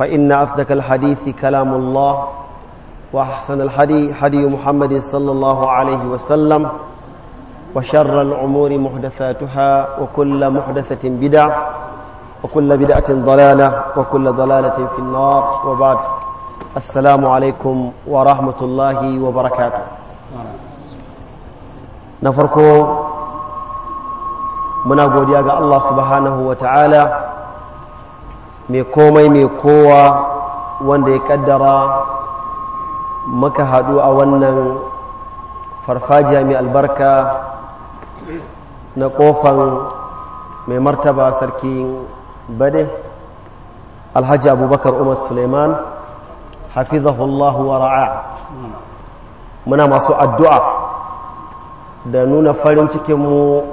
فإن أصدق الحديث كلام الله وأحسن الحدي حدي محمد صلى الله عليه وسلم وشر الأمور محدثاتها وكل محدثة بدعة وكل بدعة ضلالة وكل ضلالة في النار وبعد السلام عليكم ورحمة الله وبركاته نفركم muna godiya ga Allah subhanahu wa ta'ala mai komai mai kowa wanda ya kaddara muka haɗu a wannan farfajiya mai albarka na ƙofan mai martaba sarkin bade alhaji abubakar umar suleiman hafizahullahu wa ra'a muna masu addu'a da nuna farin cikinmu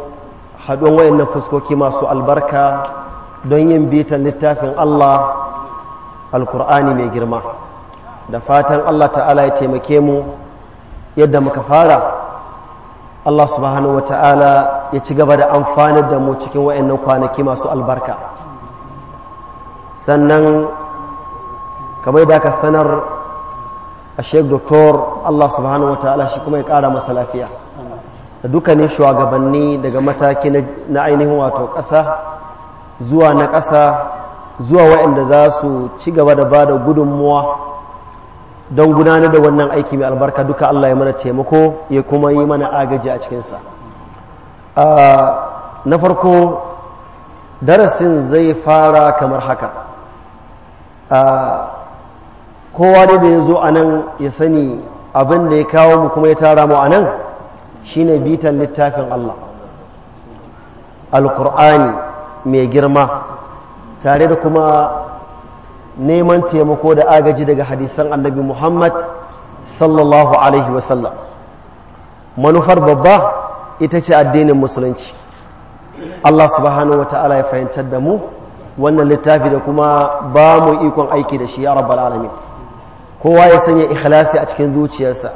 haɗuwan wayannan fuskoki masu albarka don yin bitan littafin Allah alkur'ani mai girma da fatan Allah ta'ala ya taimake mu yadda muka fara Allah subhanahu wa ta'ala ya ci gaba da amfanar da mu cikin wa'annan kwanaki masu albarka sannan kamar da ka sanar a sheik doktor Allah subhanahu wa ta'ala shi kuma ya ƙara masa lafiya da dukkanin shugabanni daga mataki na ainihin wato ƙasa zuwa na ƙasa zuwa waɗanda za su ci gaba da ba da gudunmuwa don gudanar da wannan aiki mai albarka duka Allah ya mana taimako ya kuma yi mana agaji a cikinsa na farko darasin zai fara kamar haka kowa ne da ya zo a nan ya sani abin da ya kawo mu kuma ya tara mu a nan shi ne bitan littafin Allah alkur'ani mai girma tare da kuma neman taimako da agaji daga hadisan annabi muhammad sallallahu alaihi wasallam manufar babba ita ce addinin musulunci allah subhanahu ta'ala ya fahimtar da mu wannan littafi da kuma ba mu ikon aiki da shi ya rabbal alamin kowa ya sanya ikhlasi a cikin zuciyarsa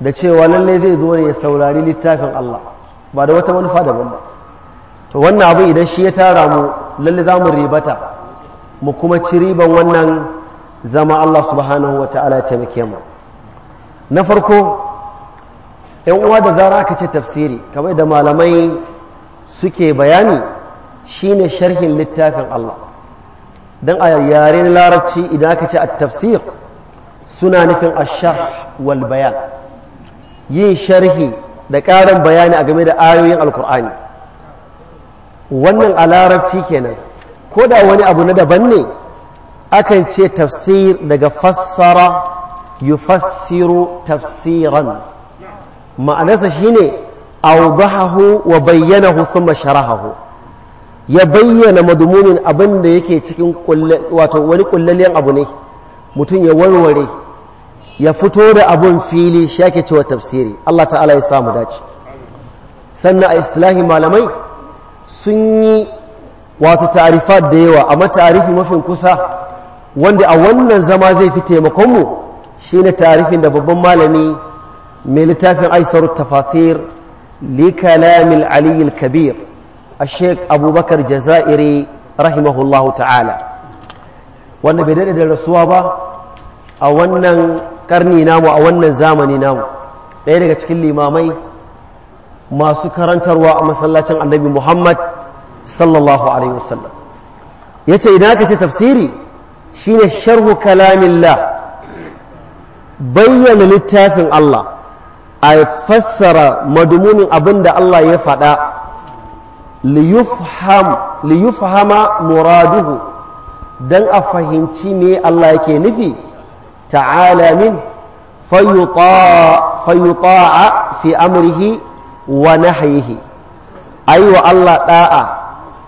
da cewa lallai zai zo ne ya saurari littafin allah ba da wata manufa daban ba to wannan abu idan shi ya tara mu lalle za mu ribata mu kuma ci riban wannan zama Allah subhanahu wa ta'ala ya taimake mu na farko yan uwa da zara aka ce tafsiri kamar da malamai suke bayani shine sharhin littafin Allah dan a yare na larabci idan aka ce tafsir suna nufin a sharh wal bayan yin sharhi da ƙarin bayani a game da ayoyin alkur'ani wannan a larabci kenan ko da wani abu na daban ne akan ce tafsir daga fassara fassiru tafsiran ma'anarsa shine awdahahu wa bayyanahu thumma sharahahu ya bayyana madumunin abin da yake cikin wato wani kullallen abu ne mutum ya warware ya fito da abun fili shi ake cewa tafsiri Allah ta'ala ya samu dace sannan a islahi malamai sun yi wato tarifa da yawa amma tarifi mafin kusa wanda a wannan zama zai fi taimakonmu shine ta'arifin da babban malami mai littafin aisarut tafafir li kalamil aliyil kabir a sheik abubakar jazairi rahimahullahu ta'ala wanda bai daɗe da rasuwa ba a wannan karni namu a wannan zamani namu ɗaya daga cikin limamai masu karantarwa a masallacin annabi muhammad sallallahu alaihi wasallam ya ce ina ka ce tafsiri shine sharhu kalamillah bayyana littafin allah a fassara madumunin abin da allah ya faɗa liyufhama muraduhu don a fahimci me allah yake nufi ta'ala min a fi amrihi wa nahyihi ayi wa Allah da'a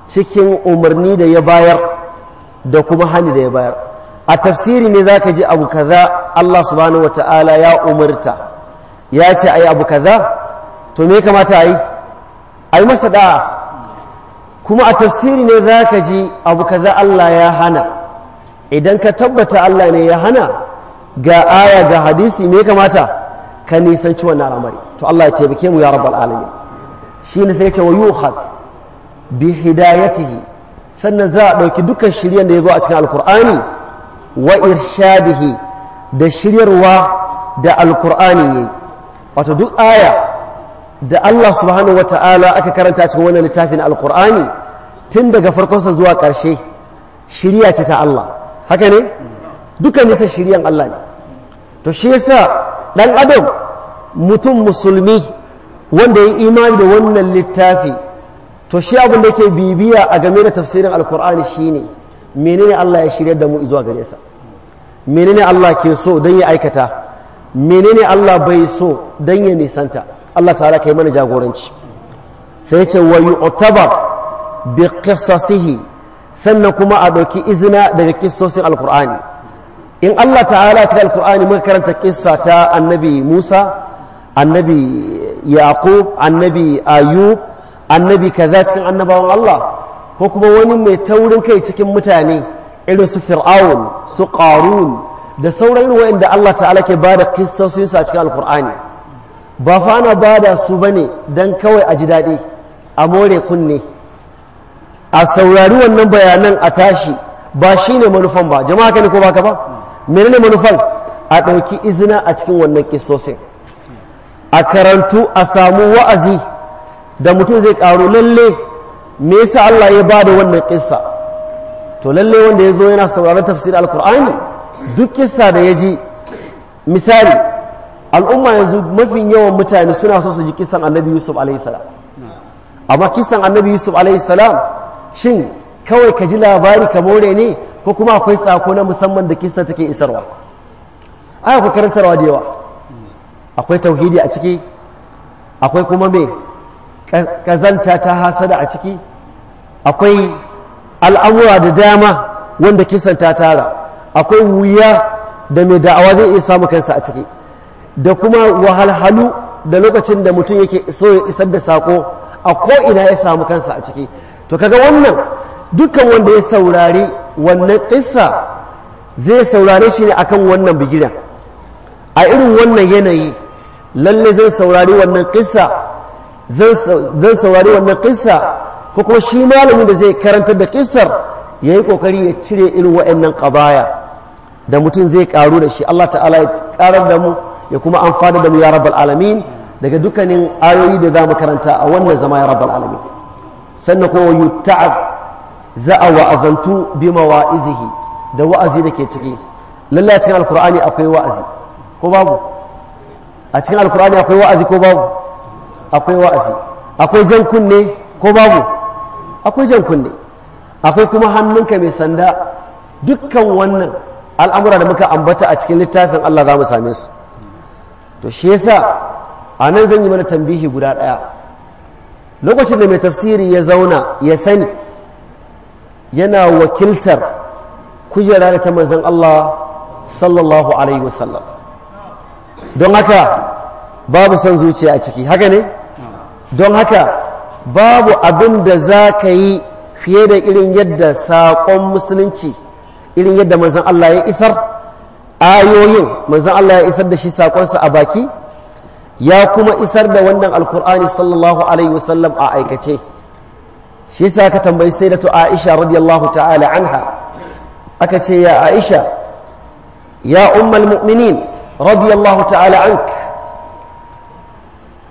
cikin umarni da ya bayar da kuma hani da ya bayar a tafsiri ne zaka ji abu kaza Allah subhanahu wataala ya umarta ya ce ai abu kaza to me kamata ayi Ai masa da'a kuma a tafsiri ne zaka ji abu kaza Allah ya hana idan ka tabbata Allah ne ya hana ga aya ga hadisi me kamata ka nisanci wannan al'amari to Allah ya taimake mu ya rabbal alamin shi ne sai ce wa yukhad bi hidayatihi sannan za a ɗauki dukkan shiryen da ya zo a cikin alkur'ani wa irshadihi da shiryarwa da alkur'ani yayi wato duk aya da Allah subhanahu wa ta'ala aka karanta a cikin wannan littafin alkur'ani tun daga farkon sa zuwa ƙarshe shirya ce ta Allah haka ne dukkan nisa shiryan Allah ne to shi yasa ɗan adam mutum musulmi wanda ya imani da wannan littafi to shi abin da ke bibiya a game da tafsirin alkur'ani shine menene Allah ya shirya da mu zuwa gare sa menene Allah ke so don ya aikata menene Allah bai so don ya nisanta Allah ta'ala kai mana jagoranci sai ce wa yu'tabar bi qisasihi sannan kuma a ɗauki izina daga kissosin alkur'ani in Allah ta'ala cikin alkur'ani muka karanta kissa ta annabi Musa annabi Yaqub annabi Ayub annabi kaza cikin annabawan Allah ko kuma wani mai taurin kai cikin mutane irin su Fir'aun su Qarun da sauran wa'anda Allah ta'ala ke bada kissosin su a cikin alkur'ani ba fa ana bada su bane dan kawai a ji daɗi a more kunne a saurari wannan bayanan a tashi ba shi ne manufan ba jama'a ka ne ko ka ba menene manufan a ɗauki izina a cikin wannan kisosin a karantu a samu wa'azi da mutum zai ƙaru lalle me yasa Allah ya bada wannan kissa to lalle wanda ya zo yana sauraron tafsir alkur'ani duk kissa da ya ji misali al'umma yanzu mafi yawan mutane suna so su ji kissan annabi yusuf salam amma kissan annabi yusuf salam shin kawai ka ji labari ka more ne ko kuma akwai tsako na musamman da kisa take isarwa ai akwai karantarwa da yawa akwai tauhidi a ciki akwai kuma me kazanta ta hasada a ciki akwai al'amura da dama wanda kisan ta tara akwai wuya da mai da'awa zai iya samu kansa a ciki da kuma wahalhalu da lokacin da mutum yake so ya isar da sako a ko ina ya samu kansa a ciki to kaga wannan dukkan wanda ya saurari wannan ƙissa zai saurare shi ne akan wannan bigiran a irin wannan yanayi lalle zai saurari wannan ƙissa zan saurari wannan ƙissa ko kuma shi malamin da zai karantar da ƙissar ya yi ƙoƙari ya cire irin waɗannan ƙabaya da mutum zai ƙaru da shi Allah ta'ala ya ƙarar da mu ya kuma amfana da mu ya rabbal alamin daga dukkanin ayoyi da za mu karanta a wannan zama ya rabbal alamin sannan kuma yutta'ab za a wa'azantu bi mawa'izihi da wa'azi da ke ciki lalle a cikin alkur'ani akwai wa'azi ko babu a cikin alkur'ani akwai wa'azi ko babu akwai wa'azi akwai jan kunne ko babu akwai jan kunne akwai kuma hannunka mai sanda dukkan wannan al'amura da muka ambata a cikin littafin Allah za mu same su to shi yasa a nan zan yi mana tambihi guda ɗaya lokacin da mai tafsiri ya zauna ya sani yana wakiltar kujera da ta manzan Allah sallallahu alaihi wasallam don haka babu son zuciya a ciki haka ne don haka babu abin da za ka yi fiye da irin yadda saƙon musulunci irin yadda manzan Allah ya isar ayoyin manzan Allah ya isar da shi saƙonsa a baki ya kuma isar da wannan alkur'ani sallallahu alaihi wasallam a aikace shi yasa ka tambayi sayyidatu Aisha radiyallahu ta'ala anha aka ce ya Aisha ya ummul mu'minin radiyallahu ta'ala ank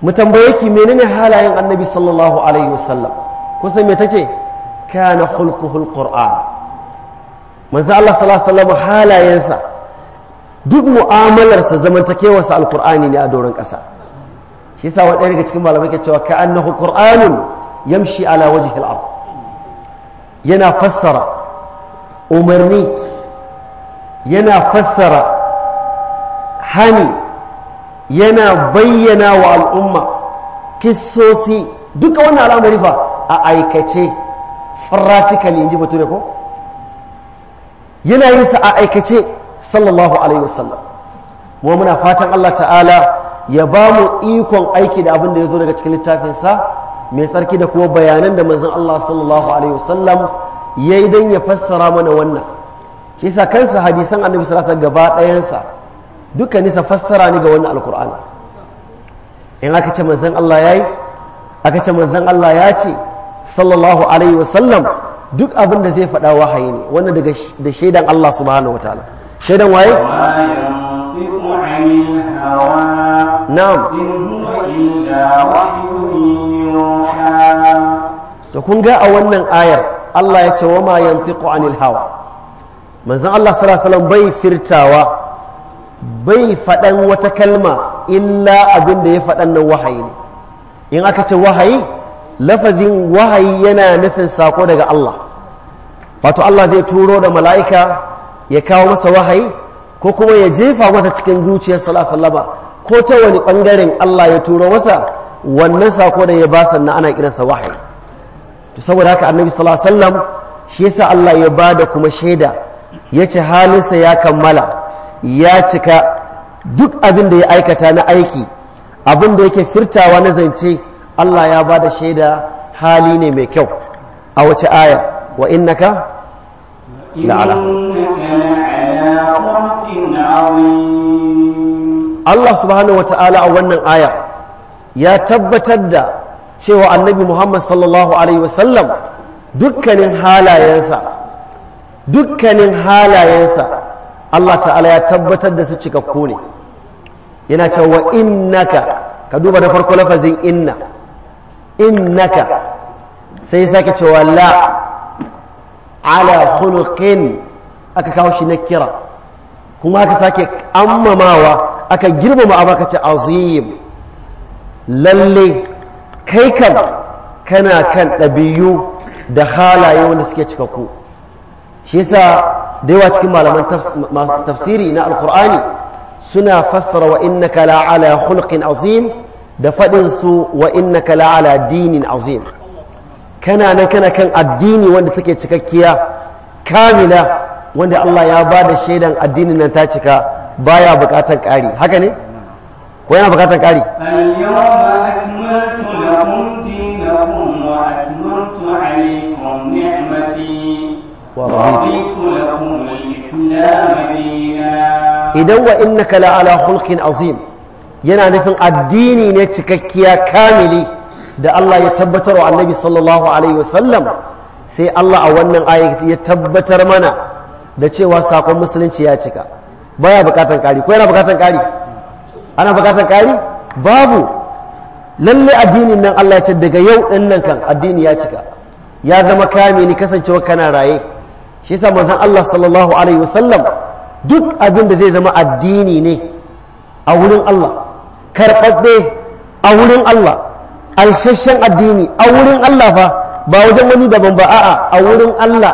mu tambaye ki menene halayen annabi sallallahu alaihi wasallam kusan me tace kana khulquhul qur'an manzo Allah sallallahu alaihi wasallam halayensa duk mu'amalarsa zamantakewarsa alqur'ani ne a doron ƙasa shi yasa wadai daga cikin malamai ke cewa ka annahu qur'anun yamshi ala wajhil ard yana fassara umarni yana fassara hani yana bayyana wa al'umma kissosi duka wannan al'amari fa a aikace practically bature ko yana yin sa a aikace sallallahu alaihi wasallam mu muna fatan Allah ta'ala ya ba mu ikon aiki da abin da ya zo daga cikin littafinsa mai tsarki da kuma bayanan da manzan Allah sallallahu alaihi wasallam yayi dan ya fassara mana wannan shi sa kansa hadisan annabi sallallahu alaihi gaba ɗayansa dukkanin sa fassara ne ga wannan alqur'ani in aka ce manzon Allah yayi aka ce manzon Allah ya ce sallallahu alaihi wasallam duk abin da zai faɗa wahayi ne wannan daga da shaidan Allah subhanahu wataala shaidan waye na'am. to kun ga a wannan ayar Allah ya ce wa ma yantiqu anil hawa manzon Allah sallallahu alaihi bai firtawa bai faɗan wata kalma illa abin da ya faɗan nan wahayi ne in aka ce wahayi lafazin wahayi yana nufin sako daga Allah wato Allah zai turo da mala'ika ya kawo masa wahayi ko kuma ya jefa mata cikin zuciyar sallallahu ko ta wani ɓangaren Allah ya turo masa wannan sako da ya ba sannan ana kiransa wahayi to saboda haka annabi sallallahu alaihi wasallam shi yasa Allah ya bada kuma shaida yace halinsa ya kammala ya cika duk abin da ya aikata na aiki abin da yake firtawa na zance Allah ya bada shaida hali ne mai kyau a wace aya wa innaka la'ala عظيم الله a wannan ayar ya tabbatar da cewa annabi Muhammad sallallahu Alaihi wasallam dukkanin halayensa dukkanin halayensa Allah ta'ala ya tabbatar da su cikakku ne yana cewa innaka ka duba na farko lafazin inna innaka sai sake cewa la ala khuluqin aka kawo shi na kira kuma aka sake ammamawa aka girmama abu aka ce azim lalle kai kan kana kan ɗabi'u da halaye wanda suke cikakku shi yasa da yawa cikin malaman tafsiri na alkur'ani suna fassara wa kala la'ala hulkin azim da faɗin su wa kala la'ala dinin azim kana nan kana kan addini wanda suke cikakkiya kamila wanda Allah ya ba da shaidan addinin nan ta cika baya bukatan ƙari haka ne ko yana bukatan ƙari idan wa innaka la ala hulkin azim yana nufin addini ne cikakkiya kamili da Allah ya tabbatar wa annabi sallallahu alaihi wasallam sai Allah a wannan ayat ya tabbatar mana da cewa sakon musulunci ya cika ba ya bukatan kari ko yana bukatan kari ana bukatan kari babu lalle addinin nan Allah ya ce daga yau din nan kan addini ya cika ya zama kame ni kasancewa kana raye shi yasa manzon Allah sallallahu alaihi wasallam duk abin da zai zama addini ne a wurin Allah karɓaɓɓe a wurin Allah alshashen addini a wurin Allah fa ba wajen wani daban ba a'a a wurin Allah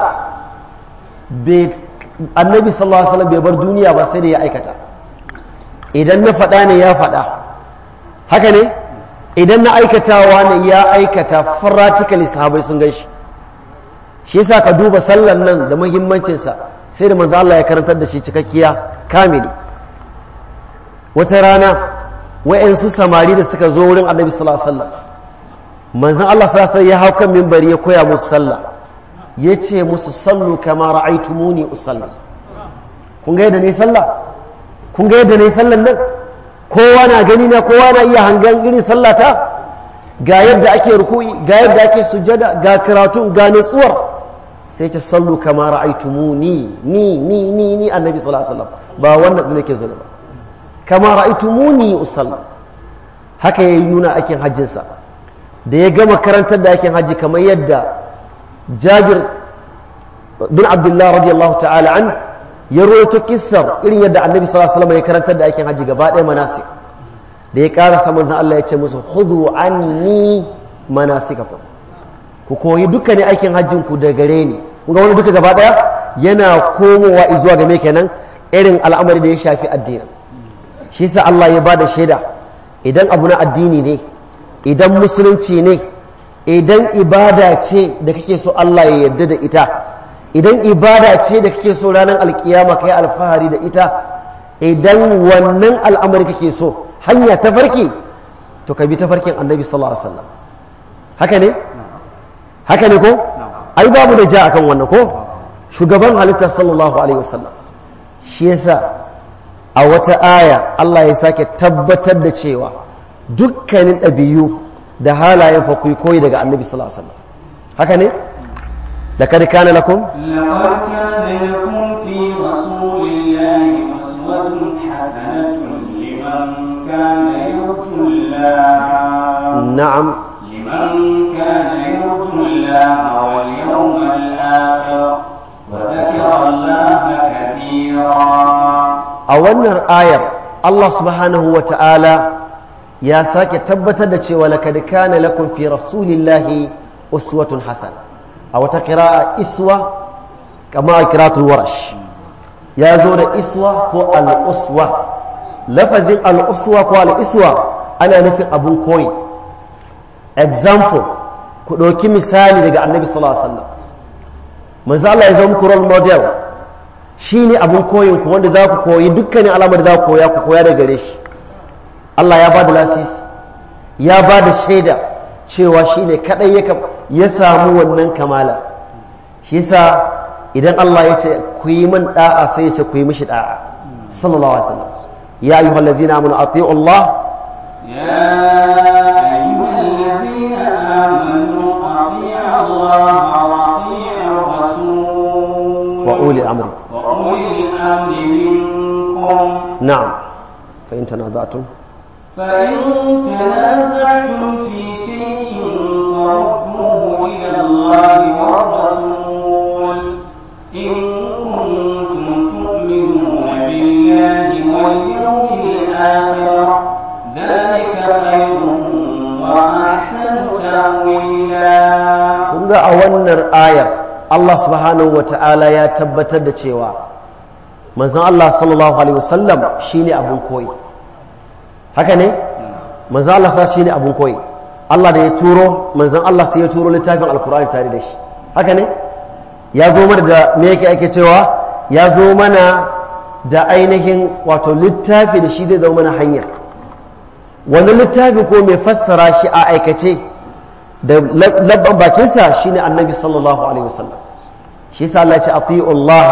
bai annabi sallallahu alaihi wasallam bai bar duniya ba sai da ya aikata idan na faɗa ne ya faɗa haka ne idan na aikatawa ne ya aikata faratikali sahabai sun gan shi shi yasa ka duba sallan nan da muhimmancinsa sai da manzo Allah ya karantar da shi cikakkiya kamili wata rana wayansu samari da suka zo wurin Annabi sallallahu alaihi wasallam manzon Allah sallallahu alaihi ya hau kan minbari ya koya musu sallah ya ce musu sallu kama muni usalli kun ga yadda ne sallah kun ga yadda ne sallan nan kowa na gani na kowa na iya hangen irin sallata ga yadda ake ruku'i ga yadda ake sujada ga karatun ga natsuwar sai ce sallu kama muni ni ni ni ni annabi sallallahu alaihi wasallam ba wannan da yake zuwa ba kama muni usalli haka yi nuna aikin hajjinsa da ya gama karantar da aikin hajji kamar yadda jabir bin abdullah radiyallahu ta'ala an ya rawaito kissar irin yadda annabi sallallahu alaihi wasallam ya karanta da aikin haji gaba ɗaya manasik da ya kara saman da Allah ya ce musu khudhu anni manasikakum ku koyi dukkanin aikin hajjin ku da gare ni kun ga wani duka gaba ɗaya yana komowa izuwa game kenan irin al'amari da ya shafi addinin shi yasa Allah ya bada shaida idan abu na addini ne idan musulunci ne idan ibada ce da kake so Allah ya yarda da ita idan ibada ce da kake so ranar alkiyama kai alfahari da ita idan wannan al'amari kake so hanya ta farki to ka bi ta farkin annabi sallallahu alaihi wasallam haka ne haka ne ko ai babu da ja akan wannan ko shugaban halitta sallallahu alaihi wasallam shi yasa a wata aya Allah ya sake tabbatar da cewa dukkanin ɗabi'u da halaye fa ku yi koyi daga annabi sallallahu alaihi wasallam haka ne la kad kana lakum la kad kana lakum fi rasulillahi uswatun hasanatun liman kana yurjullah na'am liman kana yurjullah wal yawmal akhir wa dhakara allaha katiran a wannan ayar Allah subhanahu wa ta'ala ya sake tabbatar da cewa laqad kana lakum fi rasulillahi uswatun hasana a wata qira'a iswa kama qira'atul warash ya zo da iswa ko al-uswa lafazin al-uswa ko al-iswa ana nufin abin koyi example ku ɗauki misali daga annabi sallallahu alaihi wasallam Allah ya zama role model Shi abun abin koyinku wanda za ku koyi dukkanin alamar da za ku koya ku koya daga gare shi Allah ya ba da lasisi ya ba da shaida cewa shi ne kaɗai ya samu wannan kamala shi sa idan Allah ya ce ku yi min ɗa'a sai ya ce ku yi mishi ɗa'a sallallahu alaihi wasallam ya ayyuha allazina amanu ati'u Allah ya ayyuha allazina amanu ati'u Allah wa ati'u rasul wa uli amri wa uli amri minkum na'am fa in tanaza'tum فإن تنازعتم في شيء فردوه إلى الله والرسول إن كنتم بالله واليوم الآخر ذلك خير وأحسن تأويلا kun ga a wannan ayar Allah subhanahu wa ta'ala ya tabbatar da cewa manzon Allah sallallahu alaihi wasallam shine abin koyi haka ne manzan Allah sa ne abun koyi Allah da ya turo manzan Allah sai ya turo littafin alkur'ani tare da shi haka ne ya zo mana da me yake ake cewa ya zo mana da ainihin wato littafi da shi zai zama mana hanya wani littafi ko mai fassara shi a aikace da labban bakinsa shine annabi sallallahu alaihi wasallam shi yasa Allah ya ce ati'u Allah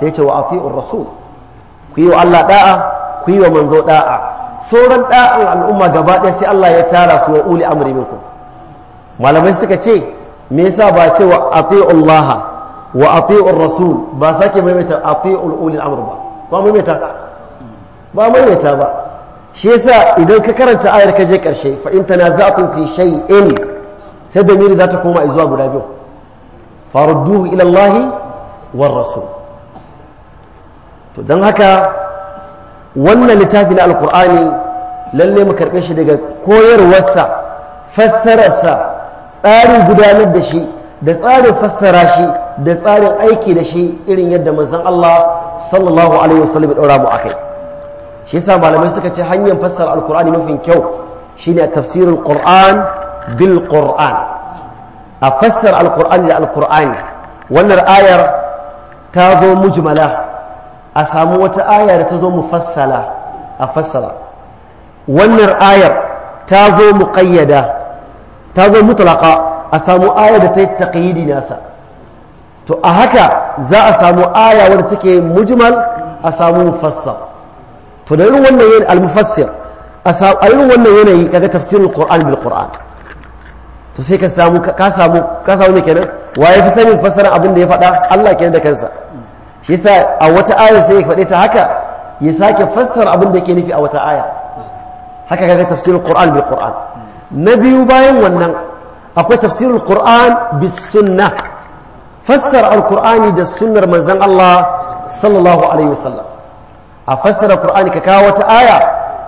sai ya ce wa ati'u rasul ku yi wa Allah da'a ku yi wa manzo da'a sauran ɗa'an al'umma gaba ɗaya sai Allah ya tara su wa uli amri minkum malamai suka ce me yasa ba ce wa ati'ul laha wa ati'ur rasul ba sake maimaita ati'ul ulil amr ba ba maimaita ba maimaita ba shi yasa idan ka karanta ayar ka je karshe fa in tanaza'tum fi shay'in sai da miri za ta koma zuwa guda biyu farudduhu ila Allah war rasul to dan haka wannan littafi na alkur'ani lalle mu karɓe shi daga koyarwarsa fassararsa tsarin gudanar da shi da tsarin fassara shi da tsarin aiki da shi irin yadda manzon Allah sallallahu alaihi wasallam ya daura mu akai shi yasa malamai suka ce hanyar fassara alkur'ani mafi kyau shine tafsirul qur'an bil qur'an a fassara alkur'ani da alkur'ani wannan ayar ta zo mujmala a samu wata ayar ta zo mufassala a fassara wannan ayar ta zo mu ƙayyada, ta zo mutlaka a samu ayar da ta yi taqyidi nasa to a haka za a samu aya wadda take mujmal a samu mufassar to da irin wannan yanayi al-mufassir a irin wannan yanayi kaga tafsirin qur'an bil qur'an to sai ka samu ka samu ka samu ne kenan waye fi sanin fassara abin da ya faɗa Allah kenan da kansa shi yasa a wata aya sai ya faɗe ta haka ya sake fassara abin da ke nufi a wata aya haka kaga tafsirul qur'an bil qur'an na biyu bayan wannan akwai tafsirul qur'an bis sunna fassara alqur'ani da sunnar manzon Allah sallallahu alaihi wasallam a fassara qur'ani ka kawo wata aya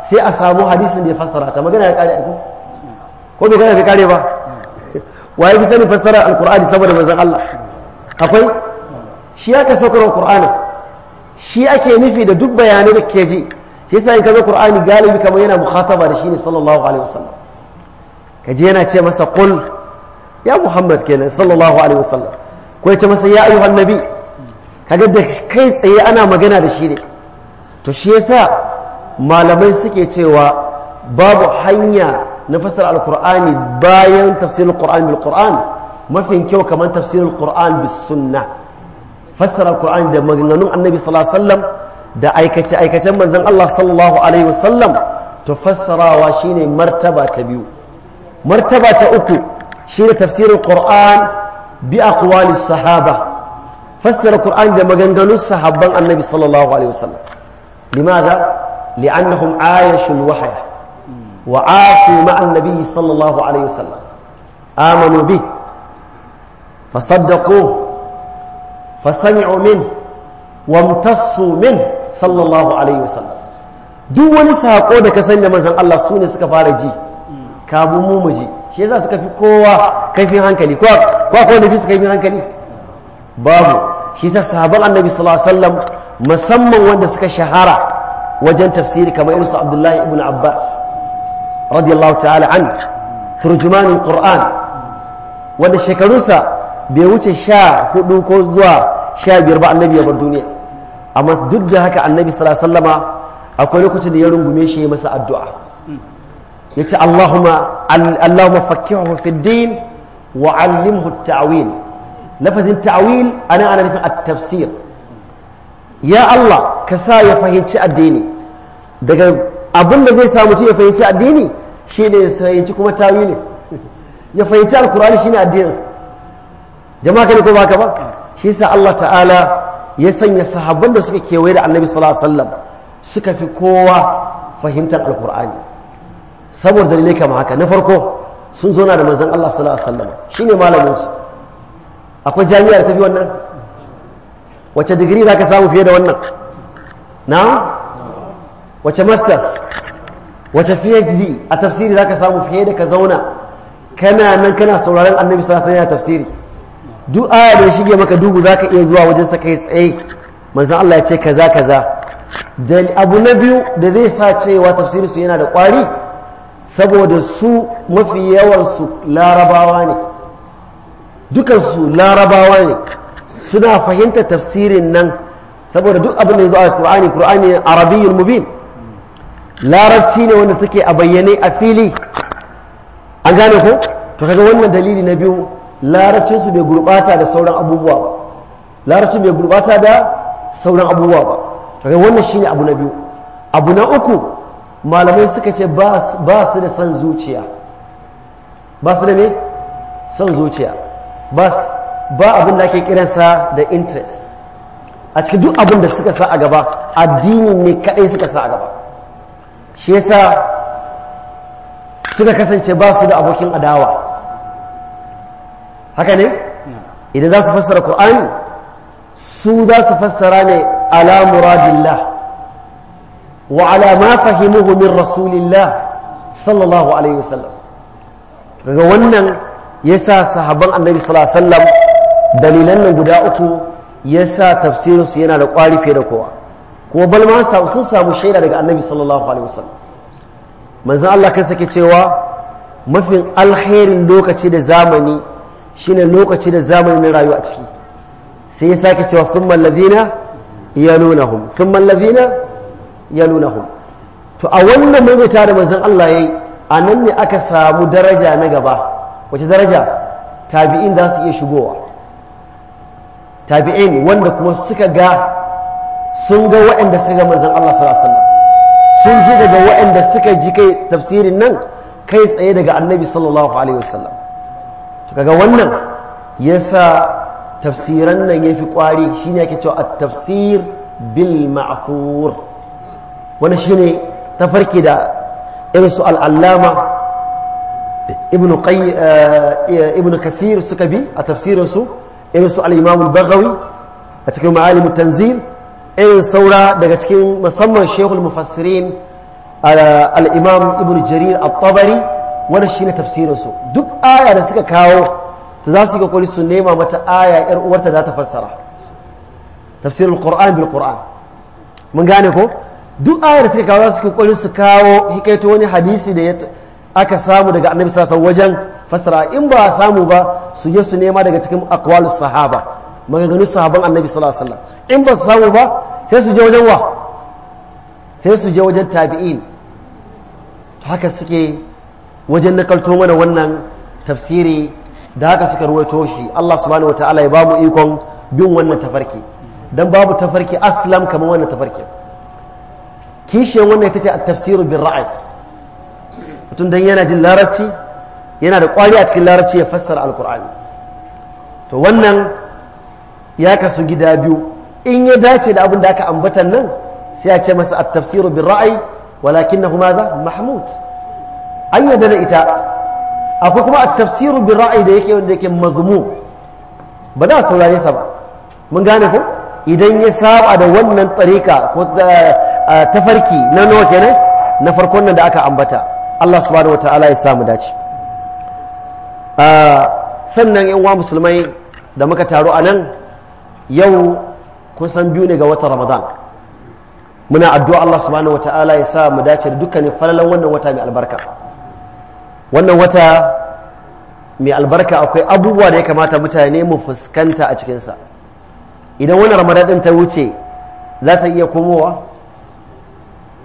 sai a samu hadisin da ya fassara ta magana ya kare ko ko bai kare ba waye ki sani fassara alqur'ani saboda manzon Allah akwai shi aka saukar Kur'an, shi ake nufi da duk bayanai da ke ji shi yasa in ka zo galibi kamar yana mukhataba da shi ne sallallahu alaihi wasallam ka ji yana ce masa qul ya muhammad kenan sallallahu alaihi wasallam ko ya ce masa ya ayyuhan nabi kaga da kai tsaye ana magana da shi ne to shi yasa malamai suke cewa babu hanya na fasar alkur'ani bayan tafsirin qur'an bil qur'an mafin kyau kamar tafsirin Kur'an bis sunna fassara Qur'ani da maganganun Annabi sallallahu alaihi wasallam da aikace aikacen manzon Allah sallallahu alaihi wasallam to fassarawa shine martaba ta biyu martaba ta uku shine tafsirin Qur'an bi aqwali sahaba fassara Qur'ani da maganganun sahabban Annabi sallallahu alaihi wasallam limadha li'annahum ayashul wahya وعاشوا مع النبي صلى الله عليه وسلم آمنوا به فصدقوه fasami'u min wamtassu min sallallahu alaihi wasallam duk wani sako da ka sanya manzon Allah su suka fara ji kabu mu mu ji shi yasa suka fi kowa kaifin hankali ko ko ko da fi suka hankali babu shi yasa sahabban annabi sallallahu alaihi wasallam musamman wanda suka shahara wajen tafsiri kamar irinsu Abdullahi ibn Abbas radiyallahu ta'ala an turjumanin Qur'an wanda shekarunsa bai wuce sha hudu ko zuwa sha biyar ba annabi ya bar duniya amma duk da haka annabi sallama akwai lokacin da ya rungume shi ya masa addu'a ya ce allahumma allahumma fakihu fi din wa allimhu ta'wil lafazin ta'wil ana nufin a tafsir ya allah ka sa ya fahimci addini daga abinda da zai samu ci ya fahimci addini shi ne ya fahimci kuma tawili ya fahimci alkur'ani ne addinin jama'a kai ko ba ka ba shi yasa Allah ta'ala ya sanya sahabban da suka kewaye da Annabi sallallahu alaihi wasallam suka fi kowa fahimtar alkur'ani saboda dalilai kama haka na farko sun zo na da manzon Allah sallallahu alaihi wasallam shine malamin su akwai da tafi wannan wace digiri zaka samu fiye da wannan na wace masters wace phd a tafsiri zaka samu fiye da ka zauna kana nan kana sauraron annabi sallallahu alaihi wasallam tafsiri duk aya da ya shige maka duhu za ka iya zuwa wajen sa kai tsaye manzan Allah ya ce kaza kaza abu na biyu da zai sa cewa tafsirin su yana da ƙwari saboda su mafi yawan su larabawa ne dukansu larabawa ne suna fahimta tafsirin nan saboda duk abin da ya a Qur'ani Qur'ani Arabiyyul Mubin larabci ne wanda take a bayyane a fili an gane ko to kaga wannan dalili na biyu larabcin su bai gurbata da sauran abubuwa ba larabcin bai gurbata da sauran abubuwa ba daga wannan shine abu na biyu abu na uku malamai suka ce ba su da san zuciya ba su da me san zuciya ba abin da ake kiransa da interest a cikin duk abin da suka sa a gaba addinin ne kadai suka sa a gaba shi yasa suka kasance ba su da abokin adawa haka ne idan za su fassara qur'ani su za su fassara ne ala muradillah wa ala ma fahimuhu min rasulillah sallallahu alaihi wasallam daga wannan yasa sahabban annabi sallallahu alaihi wasallam dalilan nan guda uku yasa tafsirinsu yana da ƙwari fiye da kowa ko bal ma sun samu shaida daga annabi sallallahu alaihi wasallam manzon Allah kansa ke cewa mafin alherin lokaci da zamani shine lokaci da zamani na rayuwa a ciki sai ya sake cewa sun mallazina yalunahum sun mallazina yalunahum to a wannan maimaita da manzon Allah ya yi a nan ne aka samu daraja na gaba wace daraja tabi'in za su iya shigowa tabi'in wanda kuma suka ga sun ga waɗanda suka ga manzon Allah sallallahu alaihi sun ji daga waɗanda suka ji kai tafsirin nan kai tsaye daga annabi sallallahu alaihi wasallam gaga kaga wannan yasa tafsiran nan yafi kwari shine yake cewa at-tafsir bil ma'thur wannan shine tafarki da irsu al-allama ibn qayy eh, ibn kathir suka bi a tafsirin su irsu al-imam al-baghawi a cikin ma'alim tanzil irin saura daga cikin musamman shehul mufassirin eh, al-imam ibn jarir at-tabari wani shi ne tafsirinsu duk aya da suka kawo to za su yi kokari su nema mata aya yar uwarta za ta fassara tafsirin qur'an bil qur'an mun gane ko duk aya da suka kawo za su yi kokari su kawo hikaito wani hadisi da aka samu daga annabi sallallahu wajen fassara in ba samu ba su je su nema daga cikin aqwalus sahaba maganganun sahaban annabi sallallahu alaihi wasallam in ba su samu ba sai su je wajen wa sai su je wajen tabi'in haka suke wajen nakalto mana wannan tafsiri da haka suka ruwaito shi Allah subhanahu wataala ya ba mu ikon bin wannan tafarki dan babu tafarki aslam kamar wannan tafarkin kishiyar wannan ita ce tafsiru bin ra'ayi mutum dan yana jin larabci yana da kwari a cikin larabci ya fassara alkur'ani to wannan ya kasu gida biyu in ya dace da abin da aka ambata nan sai a ce masa a tafsiru bin ra'ayi na madha mahmud an yarda da ita akwai kuma at-tafsiru bi ra'ayi da yake wanda yake mazmu ba za saurare sa ba mun gane ko idan ya saba da wannan tsarika ko eh, eh, tafarki na nawa kenan na farkon nan da aka ambata Allah subhanahu wataala ya samu dace ah, sannan yan uwa musulmai da muka taru a nan yau kusan biyu ne ga watan ramadan muna addu'a Allah subhanahu wataala ya sa mu dace da dukkanin falalan wannan wata mai albarka wannan wata mai albarka akwai abubuwa da ya kamata mutane mu fuskanta a cikinsa idan wani ramadan ɗin ta wuce za ta iya komowa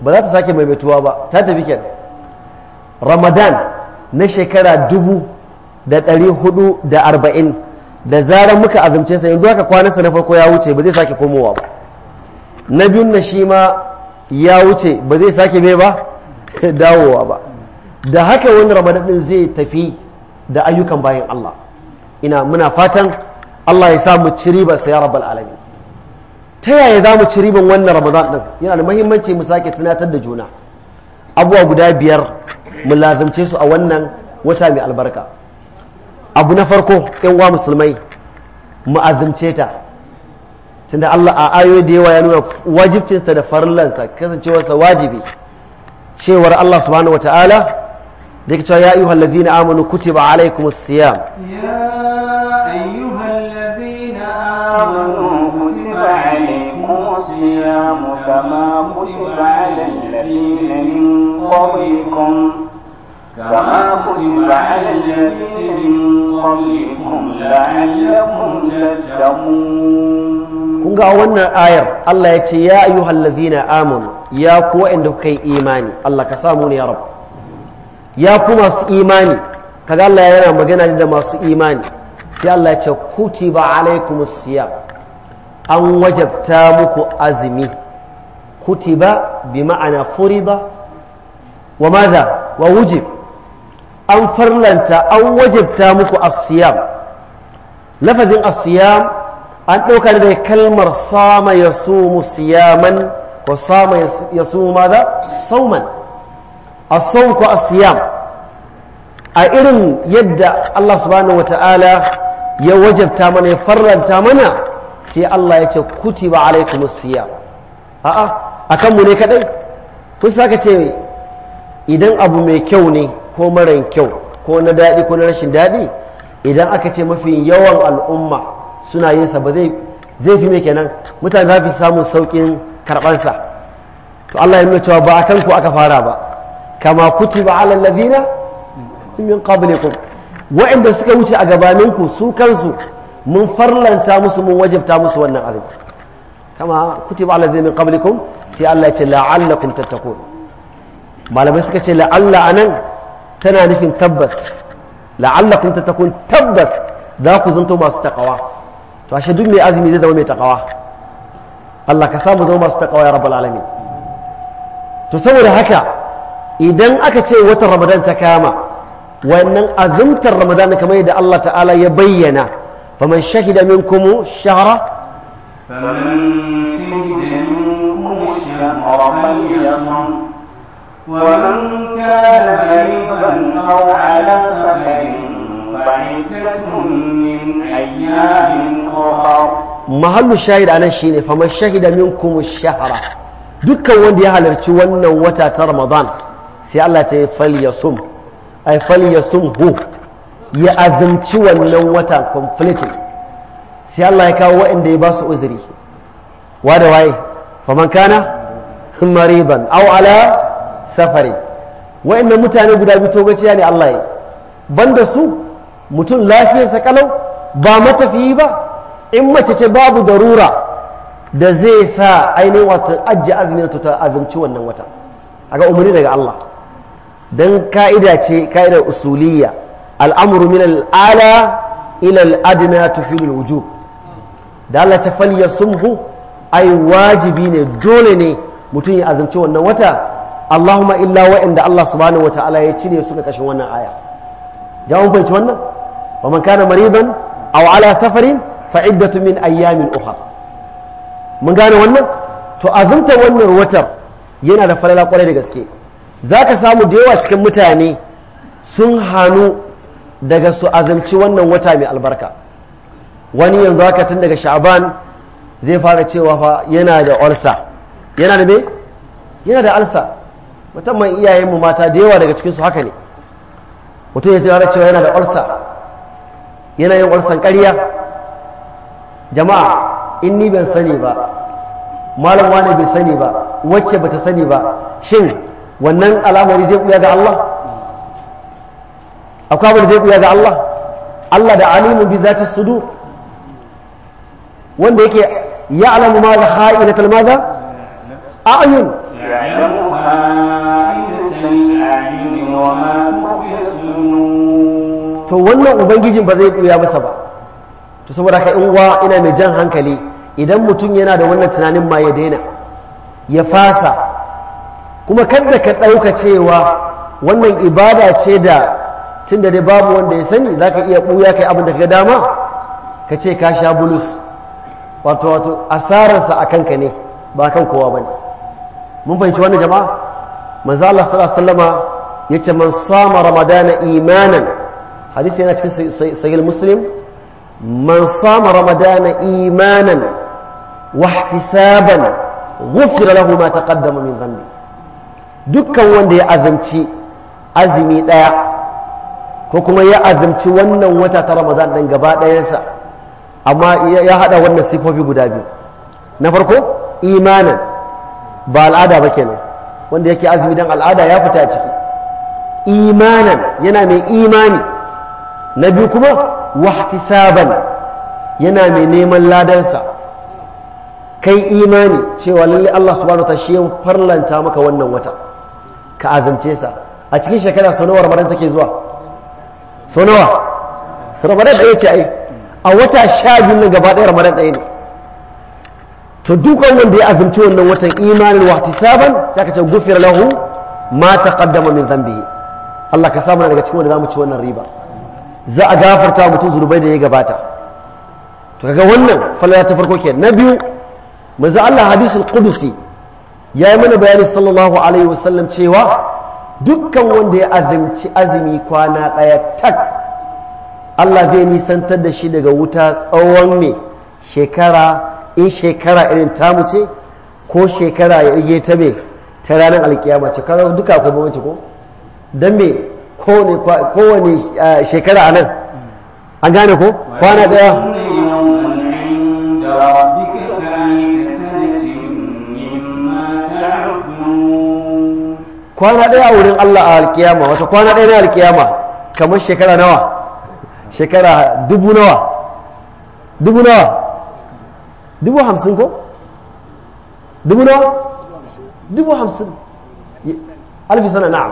ba za ta sake maimaituwa ba ta tafi ken ramadan na shekara dubu da ɗari hudu da arba'in da zarar muka azumce sa yanzu haka kwanansa na farko ya wuce ba zai sake komowa ba na biyun na shi ma ya wuce ba zai sake mai ba dawowa ba da haka wani ramadan zai tafi da ayyukan bayan Allah ina muna fatan Allah ya sa mu ci sa ya rabbal alamin ta yaya za mu ci ribar wannan ramadan din yana da muhimmanci mu sake tunatar da juna abuwa guda biyar mu lazimce su a wannan wata mai albarka abu na farko yan uwa musulmai mu azumce ta tunda Allah a ayoyi da yawa ya nuna wajibcinsa da farillansa kasancewarsa wajibi cewar Allah subhanahu wataala ديك يا أيها الذين آمنوا كتب عليكم الصيام يا أيها الذين آمنوا كتب عليكم الصيام كما كتب على الذين من قبلكم كما كتب على الذين من قبلكم لعلكم تتقون kun ga wannan ayar Allah ya ce ya ayyuhal ladina amanu ya kuwa inda kuka yi imani Allah ka samu ne ya rabu ya ku masu imani kaga Allah yana magana ne da masu imani sai Allah ya ce kutiba alaikum siyam an wajabta muku azumi kutiba bi ma'ana furida wa madha wa wujib an farlanta an wajabta muku asiyam lafazin asiyam an ɗauka da kalmar sama ya sumu siyaman ko sama ya sumu sauman as-sawm ko as a irin yadda Allah subhanahu wata'ala ya wajabta mana ya farranta mana sai Allah ya ce kutiba alaikumus siyam a'a a kanmu ne kadai kun saka ce idan abu mai kyau ne ko mara kyau ko na daɗi ko na rashin daɗi idan aka ce mafi yawan al'umma suna yin sa ba zai zai fi mai kenan mutane za fi samun saukin karɓarsa to Allah ya nuna cewa ba akan ku aka fara ba kama kutiba ala alladhina min qablikum wa'inda suka wuce a gabaninku su kansu mun farlanta musu mun wajabta musu wannan abin kama kutiba ala alladhina min qablikum sai Allah ya ce la'allakum tattaqun malamai suka ce la'alla anan tana nufin tabbas la'allakum tattaqun tabbas za ku zanto masu takawa to ashe duk mai azumi zai zama mai takawa Allah ka samu zama masu takawa ya rabbal alamin to saboda haka idan aka ce watan ramadan ta kama wannan azumtar ramadan kamar yadda Allah ta'ala ya bayyana faman shahida minkum shahra faman shahida minkum shahra falyasum ومن كان مريضا أو على سفر فعدة من أيام أخر محل الشاهد على الشيء فمن شهد منكم الشهر دكا وندي هالرتي ونوتا رمضان sai Allah ta yi falyasum ai falyasum hu ya azumci wannan wata completely sai Allah ya kawo waɗanda ya ba su uzuri wa da waye faman kana mariban aw ala safari waɗannan mutane guda biyu togaciya ne Allah ya banda su mutum lafiyarsa kalau ba matafiyi ba in mace ce babu darura da zai sa ainihin wata ajiye azumi na ta azumci wannan wata a ga umarni daga Allah don ka'ida ce ka'idar usuliyya al'amuru min al'ala ila al'adina tufilul wujub da Allah ta falya sumhu ai wajibi ne dole ne mutum ya azumci wannan wata Allahumma illa wa'inda Allah subhanahu wa ta'ala ya cire suka kashin wannan aya jawon fahimci wannan wa man kana maridan aw ala safarin fa iddatu min ayyamin ukhra mun gane wannan to azumta wannan watar yana da falala kwarai da gaske za ka samu da yawa cikin mutane sun hannu daga su azumci wannan wata mai albarka wani yanzu haka tun daga sha'aban zai fara cewa fa yana da olsa yana da me yana da alsa musamman iyayenmu mata da yawa daga cikinsu haka ne mutum ya fara cewa yana da alsa yana yin olsan ƙarya jama'a in ni ban sani ba malam wane bai sani ba wacce bata sani ba shin wannan al'amari zai ɓuya ga Allah akwai abin da zai ɓuya ga Allah Allah da alimun bi zati sudur wanda yake alamu ma za kha'inatul madha a'yun ya'lamu kha'inatul a'yun wa ma tukhfi to wannan ubangijin ba zai ɓuya masa ba to saboda haka in wa ina mai jan hankali idan mutum yana da wannan tunanin ma ya daina ya fasa kuma kada ka ɗauka cewa wannan ibada ce da tun da dai babu wanda ya sani za ka iya ɓuya kai abin da ka dama ka ce ka sha bulus wato wato asararsa a kanka ne ba kan kowa ba ne mun fahimci wani jama'a manzo Allah sallallahu ya ce man sama ramadana imanan hadisi yana cikin sahih muslim man sama ramadana imanan wa ihtisaban ghufira lahu ma taqaddama min dhanbi dukkan wanda ya azumci azumi ɗaya ko kuma ya azumci wannan wata ta ramadan ɗin gaba ɗayansa amma ya haɗa wannan sifofi guda biyu na farko imanin ba al'ada ba kenan wanda yake azumi don al'ada ya fita a ciki imanin yana mai imani na biyu kuma wahtisaban yana mai neman ladansa kai imani cewa lalle Allah subhanahu wa ta'ala shi farlanta maka wannan wata ka azance sa a cikin shekara sau nawa ramadan take zuwa sau nawa ramadan ɗaya ce ai a wata sha biyu nan gaba ɗaya ramadan ɗaya ne to dukkan wanda ya azumci wannan watan imanin wa ihtisaban sai ka ce gufira lahu ma taqaddama min dhanbihi Allah ka samu daga cikin wanda zamu ci wannan riba za a gafarta mutum zunubai da ya gabata to kaga wannan falala ta farko kenan na biyu manzo Allah hadisul qudusi ya yi mana bayani sallallahu alaihi wasallam cewa dukkan wanda ya azimci azumi kwana ɗaya tak Allah zai nisantar da shi daga wuta tsawon mai shekara in shekara irin tamu ce ko shekara ya rige ta mai ta ranar alkiyama ce kawai duka akwai bambanci ko dan me kowane shekara a nan an gane ko kwana ɗaya kwana ɗaya wurin Allah a alkiyama wata kwana ɗaya na alkiyama kamar shekara nawa shekara dubu nawa dubu nawa dubu hamsin ko dubu nawa dubu hamsin alfi sana na'am